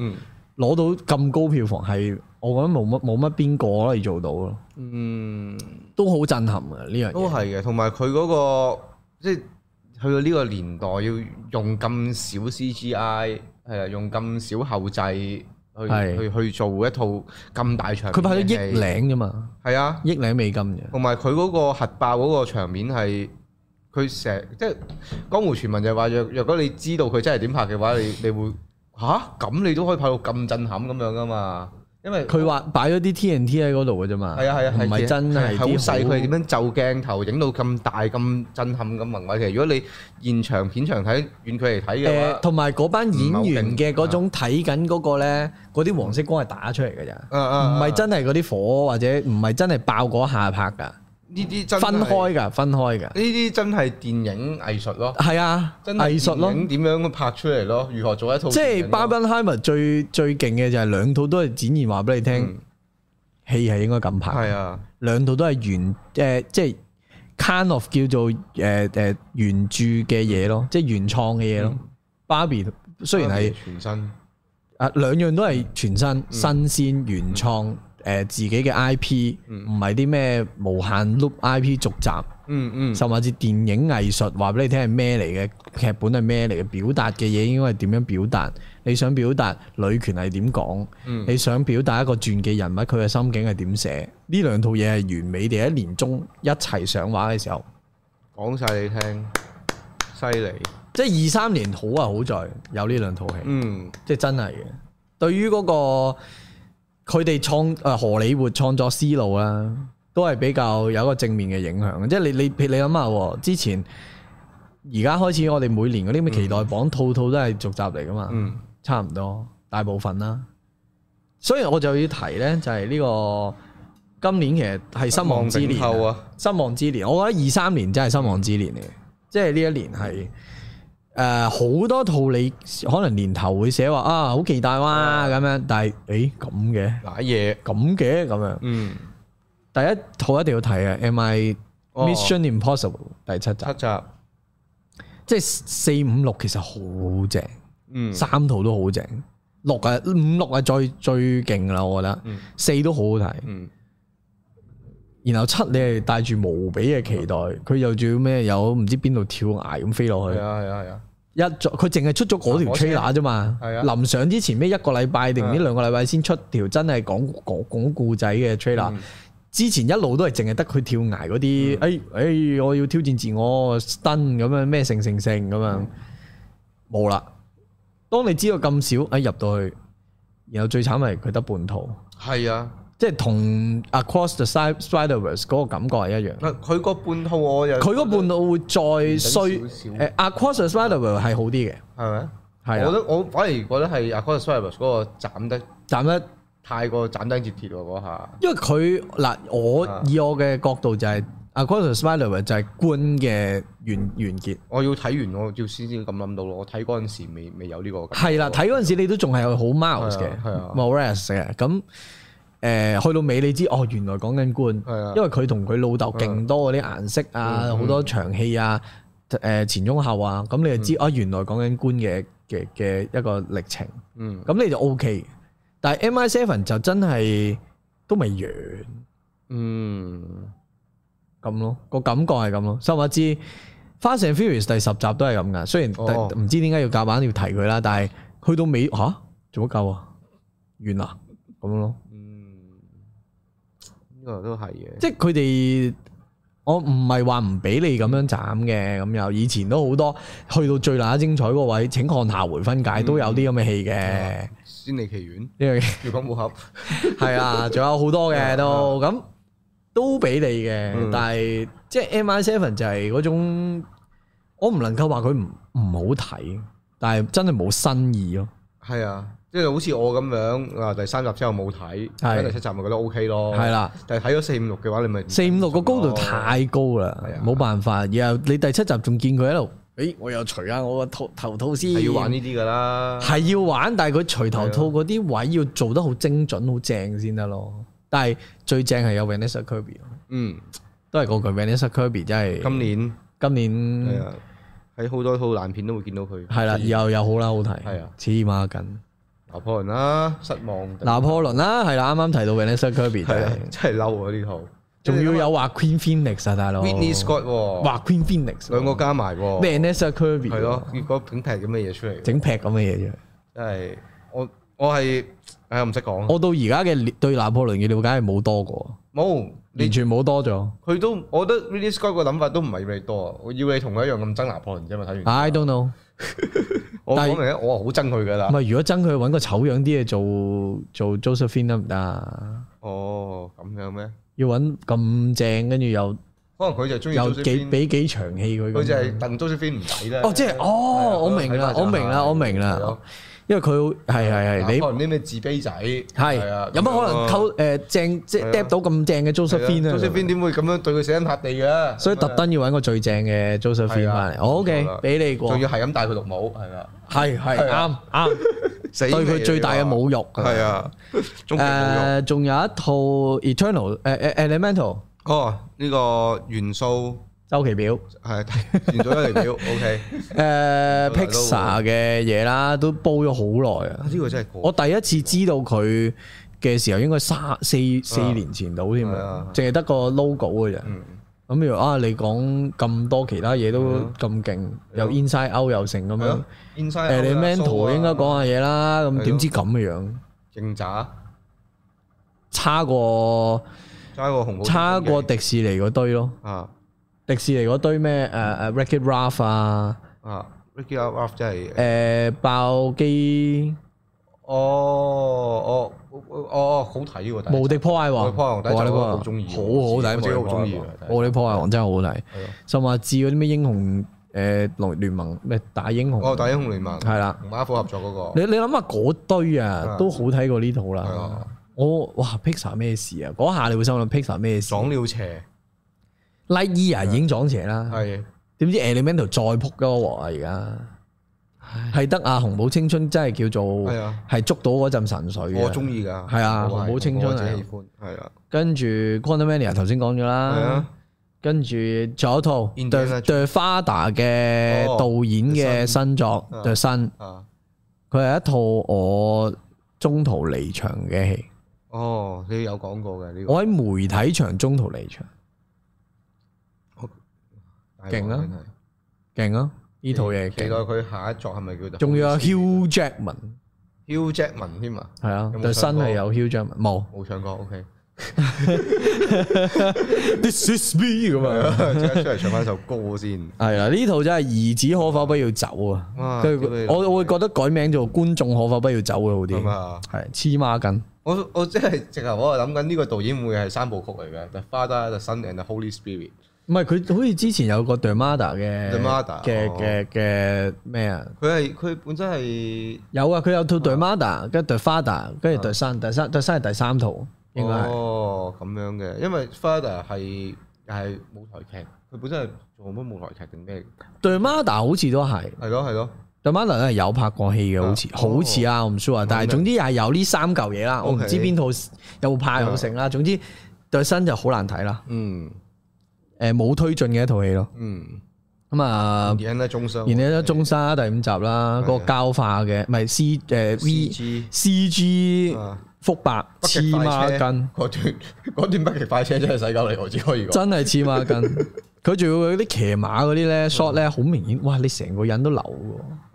攞、嗯、到咁高票房係，我覺得冇乜冇乜邊個可以做到咯。嗯，都好震撼噶呢樣嘢，都係嘅，同埋佢嗰個即係。就是去到呢個年代，要用咁少 CGI 係啊，用咁少後製去是去去，去做一套咁大場面。佢拍咗億零啫嘛，係啊，億零美金嘅。同埋佢嗰個核爆嗰個場面係佢成即係江湖傳聞就話，若若果你知道佢真係點拍嘅話，你 你會吓，咁、啊、你都可以拍到咁震撼咁樣噶嘛？因為佢話擺咗啲 TNT 喺嗰度嘅啫嘛，唔係啊啊啊，真係好細，佢點樣就鏡頭影到咁大咁震撼咁宏偉？其實如果你現場片場睇遠距離睇嘅，誒同埋嗰班演員嘅嗰種睇緊嗰個咧，嗰啲黃色光係打出嚟嘅咋，唔係、嗯嗯嗯、真係嗰啲火或者唔係真係爆嗰下拍㗎。呢啲真係分開㗎，分開㗎。呢啲真係電影藝術咯。係啊，真藝術咯。點樣拍出嚟咯。如何做一套？即係巴賓海默最最勁嘅就係兩套都係展現話俾你聽、嗯，戲係應該咁拍。係啊、嗯，兩套都係原誒，即係 kind of 叫做誒誒原著嘅嘢咯，即係原創嘅嘢咯。芭比雖然係全新，啊兩樣都係全新、新鮮、原創。嗯嗯自己嘅 IP，唔係啲咩無限 loop IP 續集，嗯嗯，嗯甚至電影藝術話俾你聽，係咩嚟嘅，劇本係咩嚟嘅，表達嘅嘢應該係點樣表達？你想表達女權係點講？嗯、你想表達一個傳記人物佢嘅心境係點寫？呢兩套嘢係完美地喺年中一齊上畫嘅時候講晒你聽，犀利！即係二三年好啊，好在有呢兩套戲，嗯，即係真係嘅。對於嗰、嗰個佢哋創誒，荷里活創作思路啦、啊，都係比較有一個正面嘅影響。即係你你你諗下，之前而家開始，我哋每年嗰啲咩期待榜，嗯、套套都係續集嚟噶嘛？嗯，差唔多大部分啦。所以我就要提呢，就係、是、呢、這個今年其實係失望之年啊！失、嗯、望之年，我覺得二三年真係失望之年嚟，嗯、即係呢一年係。誒，好多套你可能年頭會寫話啊，好期待哇咁樣，但係誒咁嘅，嗱嘢，爺咁嘅咁樣。嗯，第一套一定要睇啊，《M I Mission Impossible》第七集，七集，即係四五六其實好正，嗯，三套都好正，六啊五六啊最最勁啦，我覺得，四都好好睇，嗯，然後七你係帶住無比嘅期待，佢又仲要，咩有唔知邊度跳崖咁飛落去，係啊係啊係啊。一佢淨係出咗嗰條 trailer 啫嘛，臨、啊、上之前咩一個禮拜定呢兩個禮拜先出條真係講講講故仔嘅 trailer，嗯、之前一路都係淨係得佢跳崖嗰啲、嗯哎，哎哎我要挑戰自我，登咁樣咩性性性咁樣，冇啦、嗯。當你知道咁少，哎入到去，然後最慘係佢得半途。係啊。即係同 Across the Spider-Verse 嗰個感覺係一樣。佢個半套我又佢個半套會再衰。誒，Across the Spider-Verse 係好啲嘅，係咪係啊？我覺的我反而覺得係 Across the Spider-Verse 嗰個斬得斬得，得太過斬釘截鐵喎，嗰下。因為佢嗱，我以我嘅角度就係 Across the Spider-Verse 就係觀嘅完完結。我要睇完我要先先咁諗到咯。我睇嗰陣時未未有呢個感覺。係啦，睇嗰陣時你都仲係好 Mouse 嘅，Moreas 嘅咁。的誒，去到尾你知哦，原來講緊官，因為佢同佢老豆勁多嗰啲顏色啊，好多場戲啊，誒前中後啊，咁你就知哦，原來講緊官嘅嘅嘅一個歷程，嗯，咁你就 O K。但係 M I Seven 就真係都未完，嗯，咁咯，個感覺係咁咯。收話知，Fast and Furious 第十集都係咁噶，雖然唔知點解要夾板要提佢啦，但係去到尾吓，做乜鳩啊？完啦，咁樣咯。嗯、都都係嘅，即係佢哋，我唔係話唔俾你咁樣斬嘅，咁又以前都好多，去到最難、精彩嗰位，請看下回分解，嗯、都有啲咁嘅戲嘅，先離其遠《仙履奇緣》呢樣嘢， 如果冇俠》的，係啊，仲有好多嘅都咁都俾你嘅，但係即係 MI7 就係嗰種，我唔能夠話佢唔唔好睇，但係真係冇新意咯，係啊。即係好似我咁樣，啊第三集之後冇睇，的第七集咪覺得 O、OK、K 咯。係啦的，但係睇咗四五六嘅話，你咪四五六個高度太高啦，係啊、嗯，冇辦法。然後你第七集仲見佢喺度，誒、欸、我又除下我個頭套先。係要玩呢啲㗎啦。係要玩，但係佢除頭套嗰啲位要做得好精準、好正先得咯。但係最正係有 Vanessa Kirby。嗯，都係嗰句 Vanessa Kirby 真係。今年，今年係啊，喺好多套爛片都會見到佢。係啦次，又又好啦，好睇。係啊，黐孖筋。拿破崙啦，失望。拿破崙啦，係啦，啱啱提到 Vanessa Kirby，係啊，真係嬲啊呢套。仲要有話 Joaquin Phoenix 啊大佬 Joaquin Phoenix，兩個加埋，Vanessa Kirby，係咯，如果整劈咁乜嘢出嚟？整劈咁嘅嘢啫，真係我我係誒唔識講。我到而家嘅對拿破崙嘅了解係冇多過，冇，完全冇多咗。佢都，我覺得 Ridley Scott 個諗法都唔係畀你多啊。我要你同佢一樣咁憎拿破崙啫嘛，睇完。I don't know。 我明我好憎佢噶啦。唔係，如果憎佢，揾個醜樣啲嘅做做 Josephine 得唔得啊？哦，咁樣咩？要揾咁正，跟住又可能佢就中意。又幾俾幾場戲佢。佢就係戥 Josephine 唔抵啦。哦，即係為，哦，對我明啦，對我明啦，對我明啦。因為佢係係係，你可能啲咩自卑仔，係有乜可能溝誒正即係 get 到咁正嘅 Josephine 啊？Josephine 點會咁樣對佢死心塌地嘅？所以特登要揾個最正嘅 Josephine 翻嚟。OK，俾你過，仲要係咁戴佢綠帽，係啊，係係啱啱，對佢最大嘅侮辱。係啊，誒，仲有一套 Eternal 誒誒 Elemental 哦，呢個元素。周期表係，傳統周期表，OK。誒，Pixar 嘅嘢啦，都煲咗好耐啊！呢個真係我第一次知道佢嘅時候，應該三四四年前到添啊，淨係得個 logo 嘅啫。咁譬如啊，你講咁多其他嘢都咁勁，又 Inside Out 又成咁樣，Inside Out，誒，Elemental 應該講下嘢啦。咁點知咁嘅樣？勁渣，差過差過紅，差過迪士尼嗰堆咯。啊！迪士尼嗰堆咩？誒誒 Wreck-It Ralph 啊！啊 Wreck-It Ralph 即係誒爆機！哦哦哦哦，好睇喎！無敵破壞王，無敵破壞王真係好中意，好好睇無敵破壞王，無敵破壞王真係好好睇。甚至咗啲咩英雄？誒，聯聯盟咩打英雄？哦，打英雄聯盟係啦，同埋一夥合作嗰個。你你諗下嗰堆啊，都好睇過呢套啦。我哇 Pixar 咩事啊？嗰下你會心諗 Pixar 咩事？爽料車。Lightyear 已經撞邪啦，點知的《Elemental》再撲多鑊啊！而家係得《阿紅寶青春》真係叫做係啊，係捉到嗰陣神髓嘅。的我中意㗎，係啊的，的《紅寶青春》我，我喜歡，係啊。跟住、um《Quantumania》頭先講咗啦，跟住仲有一套《The Father》嘅導演嘅新作《The Son》，佢係一套我中途離場嘅戲。哦、嗯，你有講過嘅呢、呢個？我喺媒體場中途離場。勁啊，勁啊！呢套嘢，期待佢下一作係咪叫做？仲要啊，Hugh Jackman，Hugh Jackman 添啊，係啊，但新係有 Hugh Jackman 冇冇唱歌？OK，This is me 咁樣，即刻出嚟唱翻首歌先。係啦，呢套真係兒子可否不要走啊？我我會覺得改名做觀眾可否不要走會好啲。咁黐孖筋。我我即係直頭，我喺度諗緊呢個導演會係三部曲嚟嘅，The Father、The Son and The Holy Spirit。唔係佢好似之前有個 The Mother 嘅 The Mother 嘅嘅嘅咩啊？佢係佢本身係有啊，佢有套 The Mother 跟住 The Father，跟住 The Son，第三 The Son 係第三套，應該係哦咁樣嘅。因為 The Father 係係舞台劇，佢本身係做乜舞台劇定咩 The Mother 好似都係，係咯係咯 The Mother 咧，有拍過戲嘅，好似好似啊，我唔 sure 啊。但係總之又係有呢三嚿嘢啦，我唔知邊套有冇拍好成啦。總之 The Son 就好難睇啦。嗯。誒，冇推進嘅一套戲咯。嗯，咁啊，然後咧中山，然咧中山第五集啦，嗰個膠化嘅，唔係 C 誒 VCG，CG，腹白，黐孖筋。嗰段嗰段北極快車真係使鳩你，我只可以講。真係黐孖筋，佢仲要嗰啲騎馬嗰啲咧 shot 咧，好明顯，哇！你成個人都流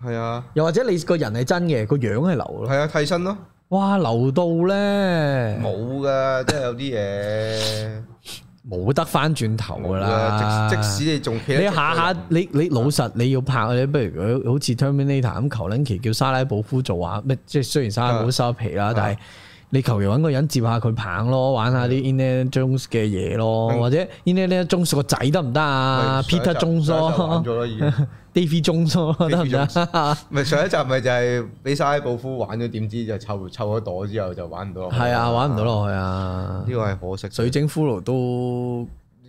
嘅。係啊，又或者你個人係真嘅，個樣係流咯。係啊，替身咯。哇，流到咧，冇噶，真係有啲嘢。冇得翻轉頭噶啦！即使你仲你下下你你老實、嗯、你要拍，你不如佢好似 Terminator 咁求撚其叫莎拉布夫做啊咩？即係雖然莎拉布夫收皮啦，嗯、但係你求其揾個人接下佢棒咯，玩下啲 Indiana Jones 嘅嘢咯，N 嗯、或者 Indiana Jones 個仔得唔得啊、嗯？Peter Jones。 Davy 中咗得唔得？咪 David 上一集咪就係俾沙拉布夫玩咗，點知就湊湊咗朵之後就玩唔到。係啊，玩唔到落去啊！呢個係可惜。水晶骷髏都。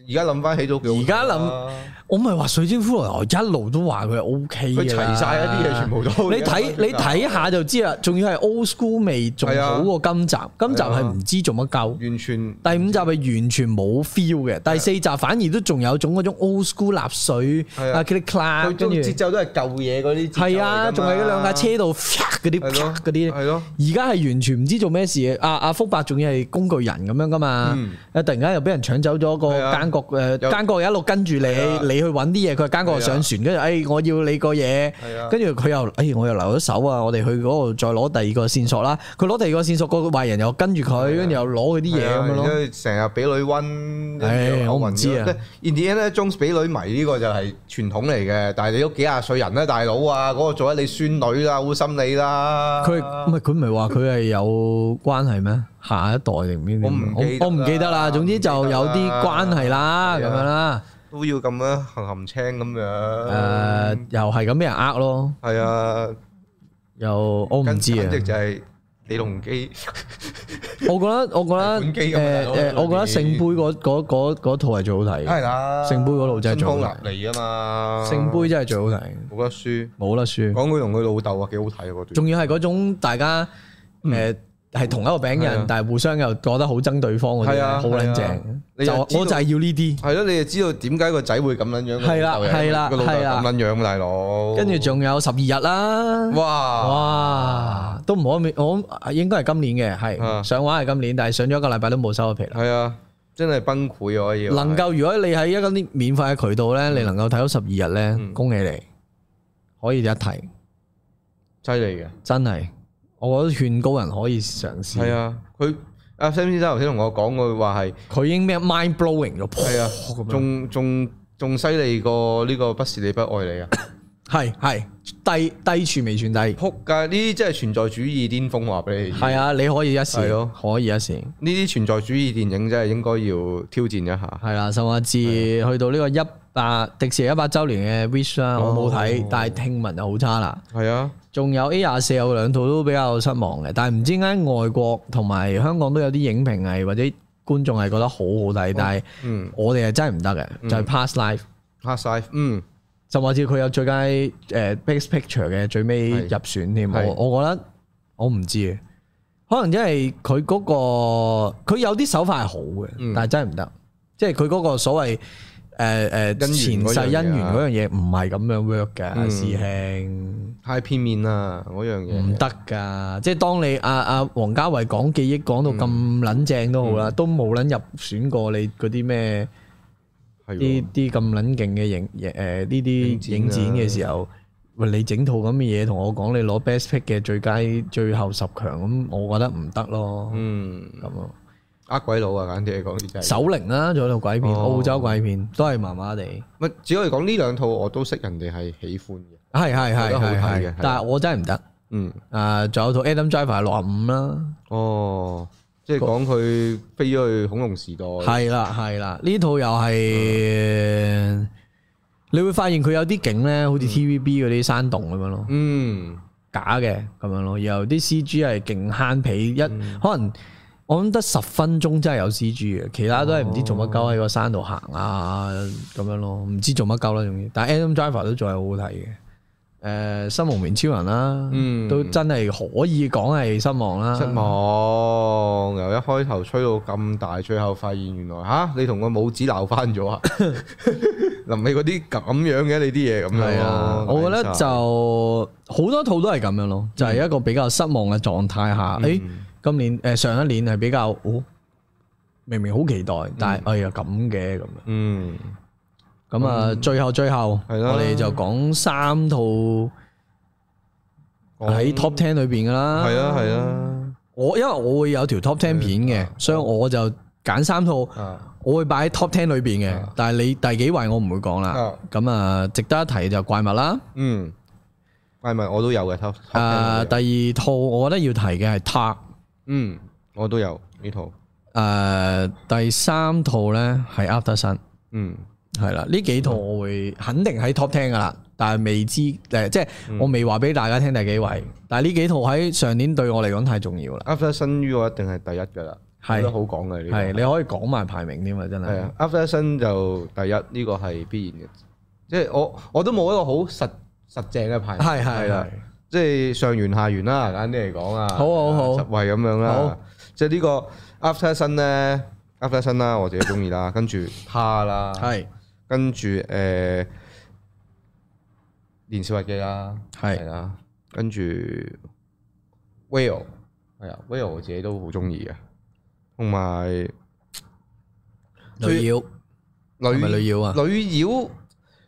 而家諗翻起都，而家諗我唔係話水晶骷髏頭一路都話佢 O K 嘅，佢齊曬一啲嘢全部都。你睇你睇下就知啦，仲要係 old school 味仲好過今集，今集係唔知做乜鳩。完全第五集係完全冇 feel 嘅，第四集反而都仲有種嗰種 old school 立水佢哋 class 跟節奏都係舊嘢嗰啲。係啊，仲係嗰兩架車度嗰啲嗰啲。係咯。而家係完全唔知做咩事，阿阿福伯仲要係工具人咁樣噶嘛？突然間又俾人搶走咗個個誒、奸角、一路跟住你，又你去揾啲嘢，佢奸角上船，跟住、嗯，哎，我要你個嘢，跟住佢又，哎，我又留咗手啊，我哋去嗰度再攞第二個線索啦。佢攞第二個線索，個壞人又跟住佢，跟住的又攞佢啲嘢咁樣咯。成日俾女温，哎的，我唔唉知啊。Indiana Jones 俾女迷呢個就係傳統嚟嘅，但係你都幾廿歲人，啊那個、啦，大佬啊，嗰個做咗你孫女啦，好心你啦。佢唔係佢唔係話佢係有關係咩？下一代定邊啲？我唔我唔記得啦，總之就有啲關係啦，咁樣啦，都要咁樣含含青咁樣。誒，又係咁俾人呃咯。係啊，又我唔知啊。簡直就係李隆基，我覺得，我覺得誒誒，我覺得聖杯嗰嗰嗰嗰套係最好睇。係啦，聖杯嗰度真係最立利啊嘛。聖杯真係最好睇。冇得輸，冇得輸。講佢同佢老豆啊，幾好睇啊嗰段。仲要係嗰種大家誒。係同一個餅人，但係互相又覺得好憎對方嗰啲，好靚正。就我就係要呢啲，係咯，你就知道點解個仔會咁樣樣？係啦，係啦，係啦，咁樣樣大佬。跟住仲有十二日啦，哇哇，都唔可以，我應該係今年嘅，係上畫係今年，但係上咗一個禮拜都冇收咗皮。係啊，真係崩潰可以。能夠如果你喺一啲免費嘅渠道咧，你能夠睇到十二日咧，恭喜你，可以一提，犀利嘅，真係。我覺得勸高人可以嘗試。係啊，佢阿 Sam 先生頭先同我講過，佢話係佢已經咩 mind blowing 咗，係啊，仲仲仲犀利過呢個不是你不愛你啊，係係低低處未算低，撲街呢啲真係存在主義巔峰話俾你。係啊，你可以一試咯，可以一試。呢啲存在主義電影真係應該要挑戰一下。係啦，甚至去到呢個一百迪士尼一百周年嘅 Wish 啊，我冇睇，但係聽聞就好差啦。係啊。仲有 A 廿四有兩套都比較失望嘅，但係唔知點解外國同埋香港都有啲影評係或者觀眾係覺得好好睇，但係我哋係真係唔得嘅，就係 past life，past life，嗯，甚至佢有最佳誒 best picture 嘅最尾入選添，是我是我覺得我唔知嘅，可能因為佢嗰個佢有啲手法係好嘅，嗯、但係真係唔得，即係佢嗰個所謂。誒誒，前世姻緣嗰樣嘢唔係咁樣 work 嘅，師兄太片面啦，嗰樣嘢唔得噶。即係當你阿阿王家衛講記憶講到咁撚正都好啦，都冇撚入選過你嗰啲咩？啲啲咁撚勁嘅影誒呢啲影展嘅時候，喂，你整套咁嘅嘢同我講，你攞 best pick 嘅最佳最後十強，咁我覺得唔得咯。嗯，咁啊。呃鬼佬啊，簡直嚟講啲真。守靈啦，仲有套鬼片，澳洲鬼片都係麻麻地。唔，只可以講呢兩套我都識人哋係喜歡嘅。係係係係係，但係我真係唔得。嗯，誒，仲有套 Adam Driver 六十五啦。哦，即係講佢飛咗去恐龍時代。係啦係啦，呢套又係，你會發現佢有啲景咧，好似 TVB 嗰啲山洞咁樣咯。嗯，假嘅咁樣咯，然後啲 CG 係勁慳皮，一可能。我諗得十分鐘真係有 C G 嘅，其他都係唔知做乜鳩喺個山度行啊咁樣咯，唔知做乜鳩啦仲要。但係《Adam Driver》都仲係好好睇嘅。誒，《新無名超人》啦，嗯，都真係可以講係失望啦。失望由一開頭吹到咁大，最後發現原來吓你同個拇指鬧翻咗啊！臨尾嗰啲咁樣嘅你啲嘢咁樣，係啊、我覺得就好多套都係咁樣咯，就係、是、一個比較失望嘅狀態下，誒、嗯。今年誒、呃、上一年係比較，喔、明明好期待，但係哎呀咁嘅咁樣樣嗯，咁啊最後最後，我哋就講三套喺 Top Ten 裏邊噶啦。係啊係啊，我因為我會有條 Top Ten 片嘅，的所以我就揀三套，我會擺喺 Top Ten 裏邊嘅。的但係你第幾位我唔會講啦。咁的啊，啊值得一提就怪物啦。嗯，怪物我都有嘅。誒、嗯，第二套我覺得要提嘅係塔。嗯，我都有呢套。誒、呃，第三套咧係 Aftersun 嗯，係啦，呢幾套我會肯定喺 Top ten 噶啦，但係未知誒、呃，即係我未話俾大家聽第幾位。嗯、但係呢幾套喺上年對我嚟講太重要啦。Aftersun 於我一定係第一噶啦，係是都好講嘅呢啲。係是、這個、你可以講埋排名添啊，真係。係啊，Aftersun 就第一，呢、這個係必然嘅。即係我我，我都冇一個好實實正嘅排名，係係啦。的的即係上完下完啦，簡單啲嚟講啊，好，好，好，十位咁樣啦。即係呢個 Aftersun 咧，Aftersun 啦，我自己中意啦。跟住蝦啦，係跟住誒，年少日記啦，係啊，跟住 will 係啊，will 我自己都好中意啊。同埋女妖，女係咪女妖啊？女妖，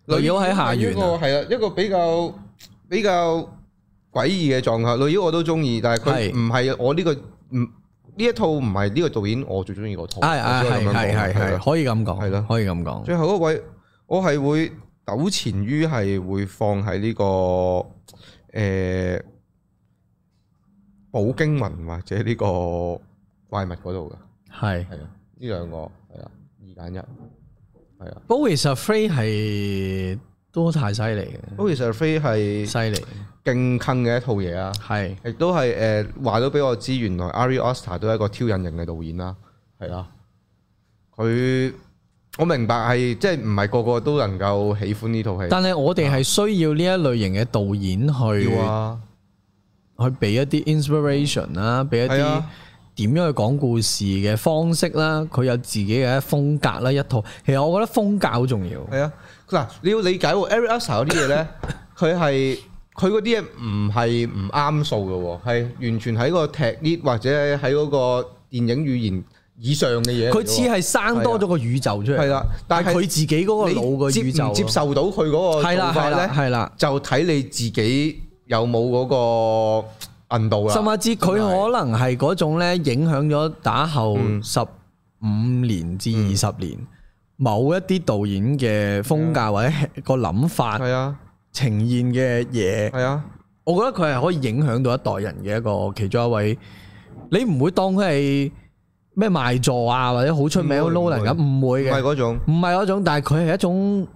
女妖喺下院啊，係啊，一個比較比較。詭異嘅狀態，女妖我都中意，但係佢唔係我呢、這個，唔呢是一套唔係呢個導演我最中意個套，係係係係可以咁講，係咯了可以咁講。了最後一位，我係會糾纏於係會放喺呢、這個誒寶、欸、經文或者呢個怪物嗰度噶，係係呢兩個係啊二揀一係啊。Beau is Afraid 係。都太犀利嘅，咁其實飛係犀利、勁坑嘅一套嘢啊！係是，亦都係誒話咗俾我知，原來 Ari Aster 都係一個挑釁型嘅導演啦，係啦、啊。佢、啊、我明白係即係唔係個個都能夠喜歡呢套戲。但係我哋係需要呢一類型嘅導演去、啊、去俾一啲 inspiration 啦，俾一啲點樣去講故事嘅方式啦。佢、啊、有自己嘅風格啦，一套其實我覺得風格好重要。係啊。嗱，你要理解喎 Every other 啲嘢咧，佢係佢嗰啲嘢唔係唔啱數嘅，係 完全喺個 technique 或者喺嗰個電影語言以上嘅嘢。佢似係生多咗個宇宙出嚟。係啦、啊，但係佢自己嗰個腦嘅宇宙，接唔接受到佢嗰個變化啦，係啦、啊，係啦、啊，啊、就睇你自己有冇嗰個韌度啦。甚至佢可能係嗰種咧，影響咗打後十五年至二十年。嗯嗯某一啲導演嘅風格或者個諗法，呈現嘅嘢，啊、我覺得佢係可以影響到一代人嘅一個其中一位。你唔會當佢係咩賣座啊，或者好出名撈人咁，唔會嘅。唔係嗰種，唔係嗰種，但係佢係一種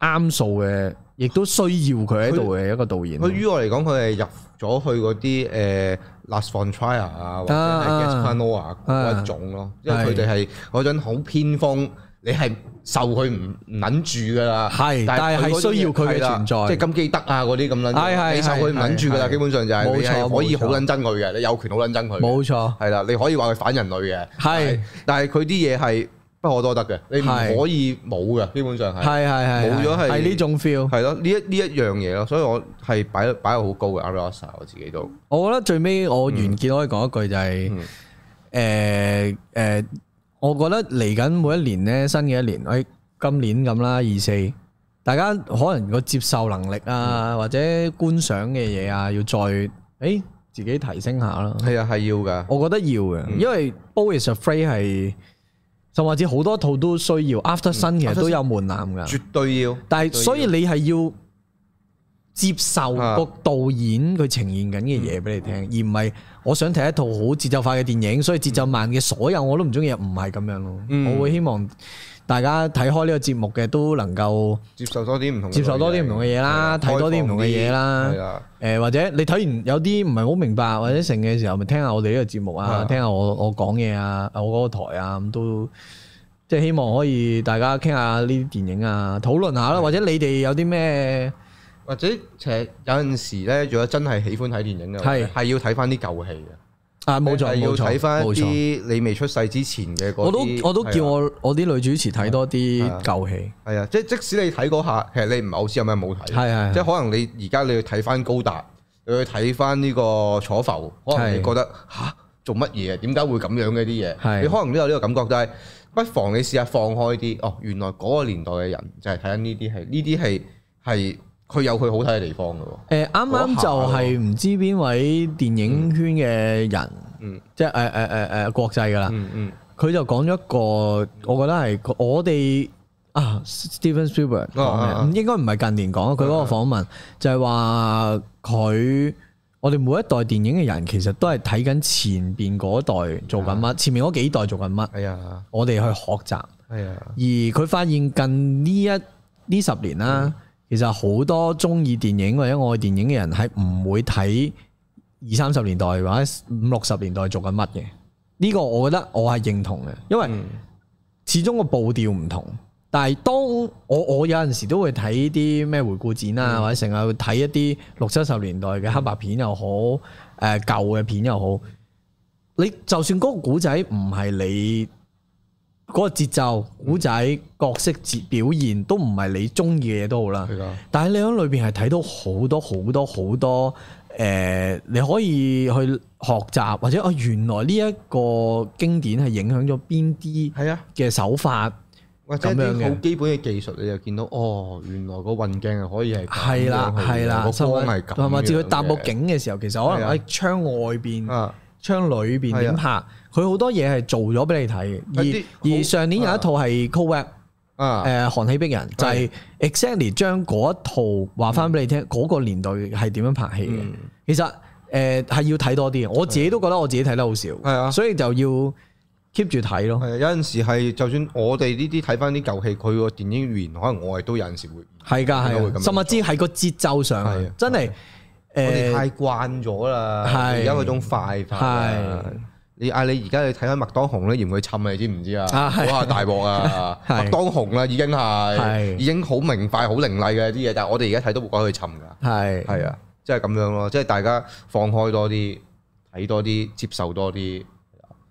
啱數嘅，亦都需要佢喺度嘅一個導演。佢於我嚟講，佢係入咗去嗰啲誒 Last Frontier 啊，或者 i s n o i r 嗰一種咯，啊、因為佢哋係嗰種好偏鋒。你係受佢唔唔撚住噶啦，係，但係係需要佢嘅存在，即係金基德啊嗰啲咁樣，係係，俾受佢唔撚住噶啦，基本上就係，冇錯，可以好撚憎佢嘅，你有權好撚憎佢，冇錯，係啦，你可以話佢反人類嘅，係，但係佢啲嘢係不可多得嘅，你唔可以冇嘅，基本上係，係係係冇咗係呢種 feel，係咯，呢一呢一樣嘢咯，所以我係擺擺好高嘅，阿羅莎，我自己都，我覺得最尾我完結可以講一句就係，誒誒。我覺得嚟緊每一年咧，新嘅一年，喺、哎、今年咁啦，二四，大家可能個接受能力啊，或者觀賞嘅嘢啊，要再誒、哎、自己提升下啦。係啊，係要噶，我覺得要嘅，嗯、因為 always a free 係，甚至好多套都需要 After Sun 其實都有門檻噶，嗯、Sun，絕對要。但係是所以你係要。接受個導演佢呈現緊嘅嘢俾你聽，而唔係我想睇一套好節奏快嘅電影，所以節奏慢嘅所有我都唔中意，唔係咁樣咯。我會希望大家睇開呢個節目嘅，都能夠接受多啲唔同，接受多啲唔同嘅嘢啦，睇多啲唔同嘅嘢啦。誒，或者你睇完有啲唔係好明白或者成嘅時候，咪聽下我哋呢個節目啊，聽下我我講嘢啊，我嗰個台啊，都即係希望可以大家傾下呢啲電影啊，討論下啦。或者你哋有啲咩？或者其實有陣時咧，如果真係喜歡睇電影嘅，係係要睇翻啲舊戲嘅。啊，冇錯冇錯，要睇翻啲你未出世之前嘅嗰啲。錯呀我都我都叫我呀我啲女主持睇多啲舊戲。係啊，即係即，即使你睇嗰下，其實你唔係好知有咩冇睇。係係係即係可能你而家你去睇翻高達，你去睇翻呢個楚浮，可能你覺得嚇是、啊、做乜嘢？點解會咁樣嘅啲嘢？是 你可能都有呢個感覺，就係，就係不妨你試下放開啲。哦，原來嗰個年代嘅人就係睇緊呢啲戲，呢啲戲係。佢有佢好睇嘅地方嘅喎。啱啱就係唔知邊位電影圈嘅人，嗯，即係誒誒誒誒國際噶啦。嗯嗯，佢就講咗一個，我覺得係我哋啊，Steven s p i l b e r g 講唔應該唔係近年講佢嗰個訪問就係話佢，我哋每一代電影嘅人其實都係睇緊前邊嗰代做緊乜，前面嗰幾代做緊乜。係啊，我哋去學習。係啊，而佢發現近呢一呢十年啦。其實好多鍾意電影或者愛電影嘅人，係唔會睇二三十年代或者五六十年代做緊乜嘅。呢、這個我覺得我係認同嘅，因為始終個步調唔同。但係當我我有陣時都會睇啲咩回顧展啊，嗯、或者成日會睇一啲六七十年代嘅黑白片又好，誒舊嘅片又好。你就算嗰個古仔唔係你。嗰個節奏、古仔、角色、節表現都唔係你中意嘅嘢都好啦。係噶的。但係你喺裏邊係睇到好多好多好多誒、呃，你可以去學習或者啊、哦，原來呢一個經典係影響咗邊啲係啊嘅手法。哇的，即係啲好基本嘅技術，你就見到哦，原來個運鏡係可以係係啦係啦，光係咁同埋至佢搭布景嘅時候，其實可能喺窗外邊、的啊、窗裏邊點拍。佢好多嘢係做咗俾你睇，而而上年有一套係 Cobweb，誒寒氣逼人就係、是、Exactly 將嗰一套話翻俾你聽，嗰個年代係點樣拍戲嘅。嗯、其實誒係、呃、要睇多啲，我自己都覺得我自己睇得好少，係啊的，所以就要 keep 住睇咯。係啊，有陣時係就算我哋呢啲睇翻啲舊戲，佢個電影語言可能我哋都有陣時會係噶，係，會甚至係個節奏上的真係的，嗯、我哋太慣咗啦，而家嗰種快快。你嗌你而家去睇下麥當雄咧，嫌佢沉你知唔知啊？下大鑊啊！麥當雄啦，已經係已經好明快、好凌厲嘅啲嘢，但係我哋而家睇都唔敢去沉噶。係係啊，即係咁樣咯，即係大家放開多啲，睇多啲，接受多啲。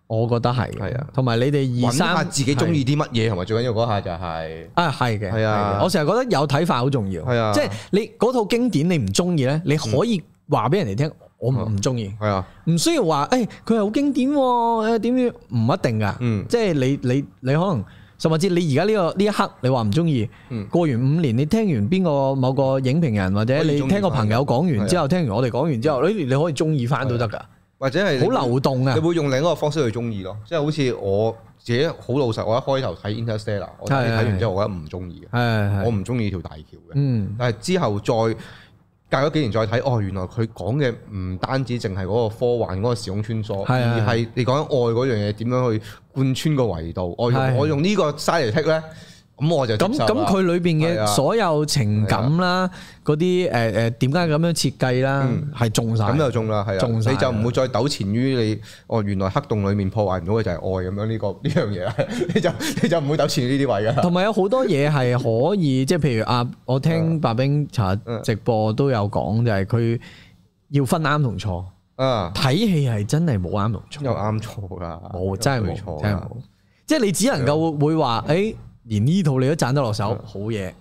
我覺得係係啊，同埋你哋二三自己中意啲乜嘢，同埋最緊要嗰下就係啊，係嘅，係啊，我成日覺得有睇法好重要，係啊，即係你嗰套經典你唔中意咧，你可以話俾人哋聽。我唔唔中意。係啊，唔需要話，誒，佢係好經典，誒，點點唔一定噶，嗯，即係你你你可能，甚至你而家呢個呢一刻，你話唔中意，嗯，過完五年，你聽完邊個某個影評人或者你聽個朋友講完之後，聽完我哋講完之後，你可以中意翻都得噶，或者係好流動啊，你會用另一個方式去中意咯，即係好似我自己好老實，我一開頭睇 Interstellar，我睇完之後，我覺得唔中意我唔中意條大橋嘅，嗯，但係之後再。隔咗幾年再睇，哦，原來佢講嘅唔單止淨係嗰個科幻嗰個時空穿梭，是的 而係你講緊愛嗰樣嘢點樣去貫穿個維度是的 我。我用我用呢個嘥嚟㗎咧。咁我就咁咁佢裏邊嘅所有情感啦，嗰啲誒誒，點解咁樣設計啦？係中晒，咁就中啦，係啦，中晒，你就唔會再糾纏於你哦。原來黑洞裏面破壞唔到嘅就係愛咁樣呢個呢樣嘢啦。你就你就唔會糾纏呢啲位啦。同埋有好多嘢係可以，即係譬如阿我聽白兵查直播都有講，就係佢要分啱同錯。嗯，睇戲係真係冇啱同錯，有啱錯噶，冇真係冇錯，真係冇。即係你只能夠會話誒。連呢套你都讚得落手，啊、好嘢。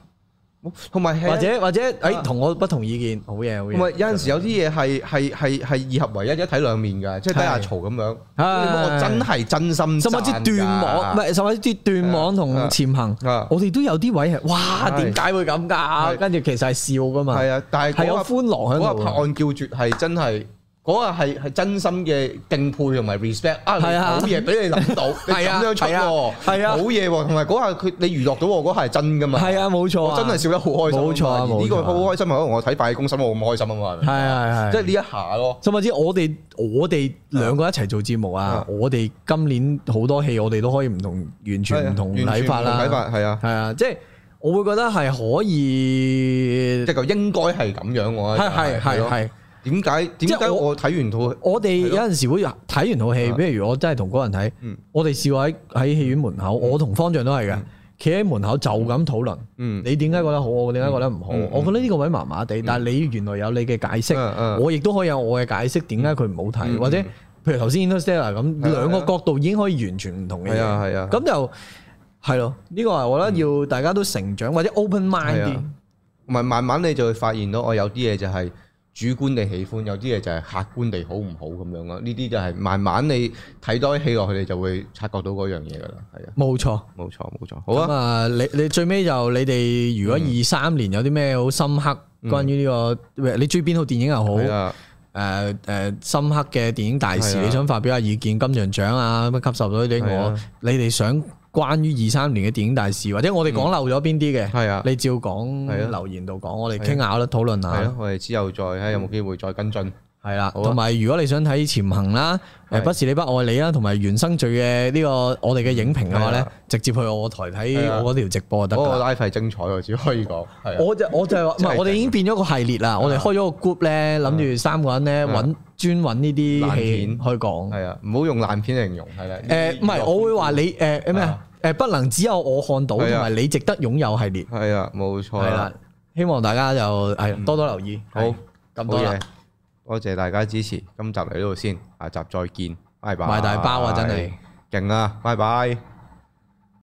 同埋或者或者誒同、啊哎、我不同意見，好嘢。同埋有陣時有啲嘢係係係係二合為一，一體兩面㗎，即係睇下嘈咁樣、啊、樣。我真係真心、啊。甚至斷網，唔係甚至斷網同潛行。啊啊、我哋都有啲位係哇，點解會咁㗎、啊？跟住其實係笑㗎嘛。係啊，但係係、那個、有歡樂喺度。我拍案叫絕係真係。嗰下係真心嘅敬佩同埋 respect 啊，好嘢俾你諗到，你咁樣做喎，好嘢喎，同埋嗰下佢你娛樂到喎，嗰下係真㗎嘛？係啊，冇錯，真係笑得好開心，冇錯。呢個好開心啊，可能我睇《快公心》我咁開心啊嘛，係啊，係啊，即係呢一下咯。甚至我哋我哋兩個一齊做節目啊，我哋今年好多戲我哋都可以唔同完全唔同睇法啦，係啊，係啊，即係我會覺得係可以，即係應該係咁樣喎，係係係。點解？即係我睇完套，我哋有陣時會睇完套戲。比如我真係同嗰人睇，我哋試過喺喺戲院門口，我同方丈都係嘅，企喺門口就咁討論。你點解覺得好？我點解覺得唔好？我覺得呢個位麻麻地，但係你原來有你嘅解釋，我亦都可以有我嘅解釋。點解佢唔好睇？或者譬如頭先 Interstellar 咁，兩個角度已經可以完全唔同嘅嘢。係啊係啊。咁就係咯，呢個係我覺得要大家都成長或者 open mind，唔係慢慢你就會發現到我有啲嘢就係。主觀地喜歡，有啲嘢就係客觀地好唔好咁樣咯。呢啲就係慢慢你睇多啲戲落去，你就會察覺到嗰樣嘢噶啦。係啊，冇錯，冇錯，冇錯。好啊。啊，你你最尾就你哋如果二三年有啲咩好深刻關於呢、呢個，你中意邊套電影又好，誒誒、嗯嗯、深刻嘅電影大事，你想發表下意見，金像獎啊，乜吸收咗啲我，嗯嗯、你哋想。關於二三年嘅電影大事，或者我哋講漏咗邊啲嘅，嗯啊、你照講留言度講，我哋傾下啦，討論下。我哋之後再睇有冇機會再跟進。嗯係啦，同埋如果你想睇潛行啦，誒不是你不愛你啦，同埋原生罪嘅呢個我哋嘅影評嘅話咧，直接去我台睇我嗰條直播就得。嗰個 live 精彩，我只可以講。係，我就我就係話，唔係我哋已經變咗個系列啦，我哋開咗個 group 咧，諗住三個人咧，搵專搵呢啲爛片去講。係啊，唔好用爛片形容係啦。誒，唔係，我會話你誒誒咩誒，不能只有我看到同埋你值得擁有系列。係啊，冇錯。係啦，希望大家就係多多留意。好，咁多嘢。多謝大家支持，今集嚟到先，下集再見，拜拜。買大包啊，真係勁啊，拜拜。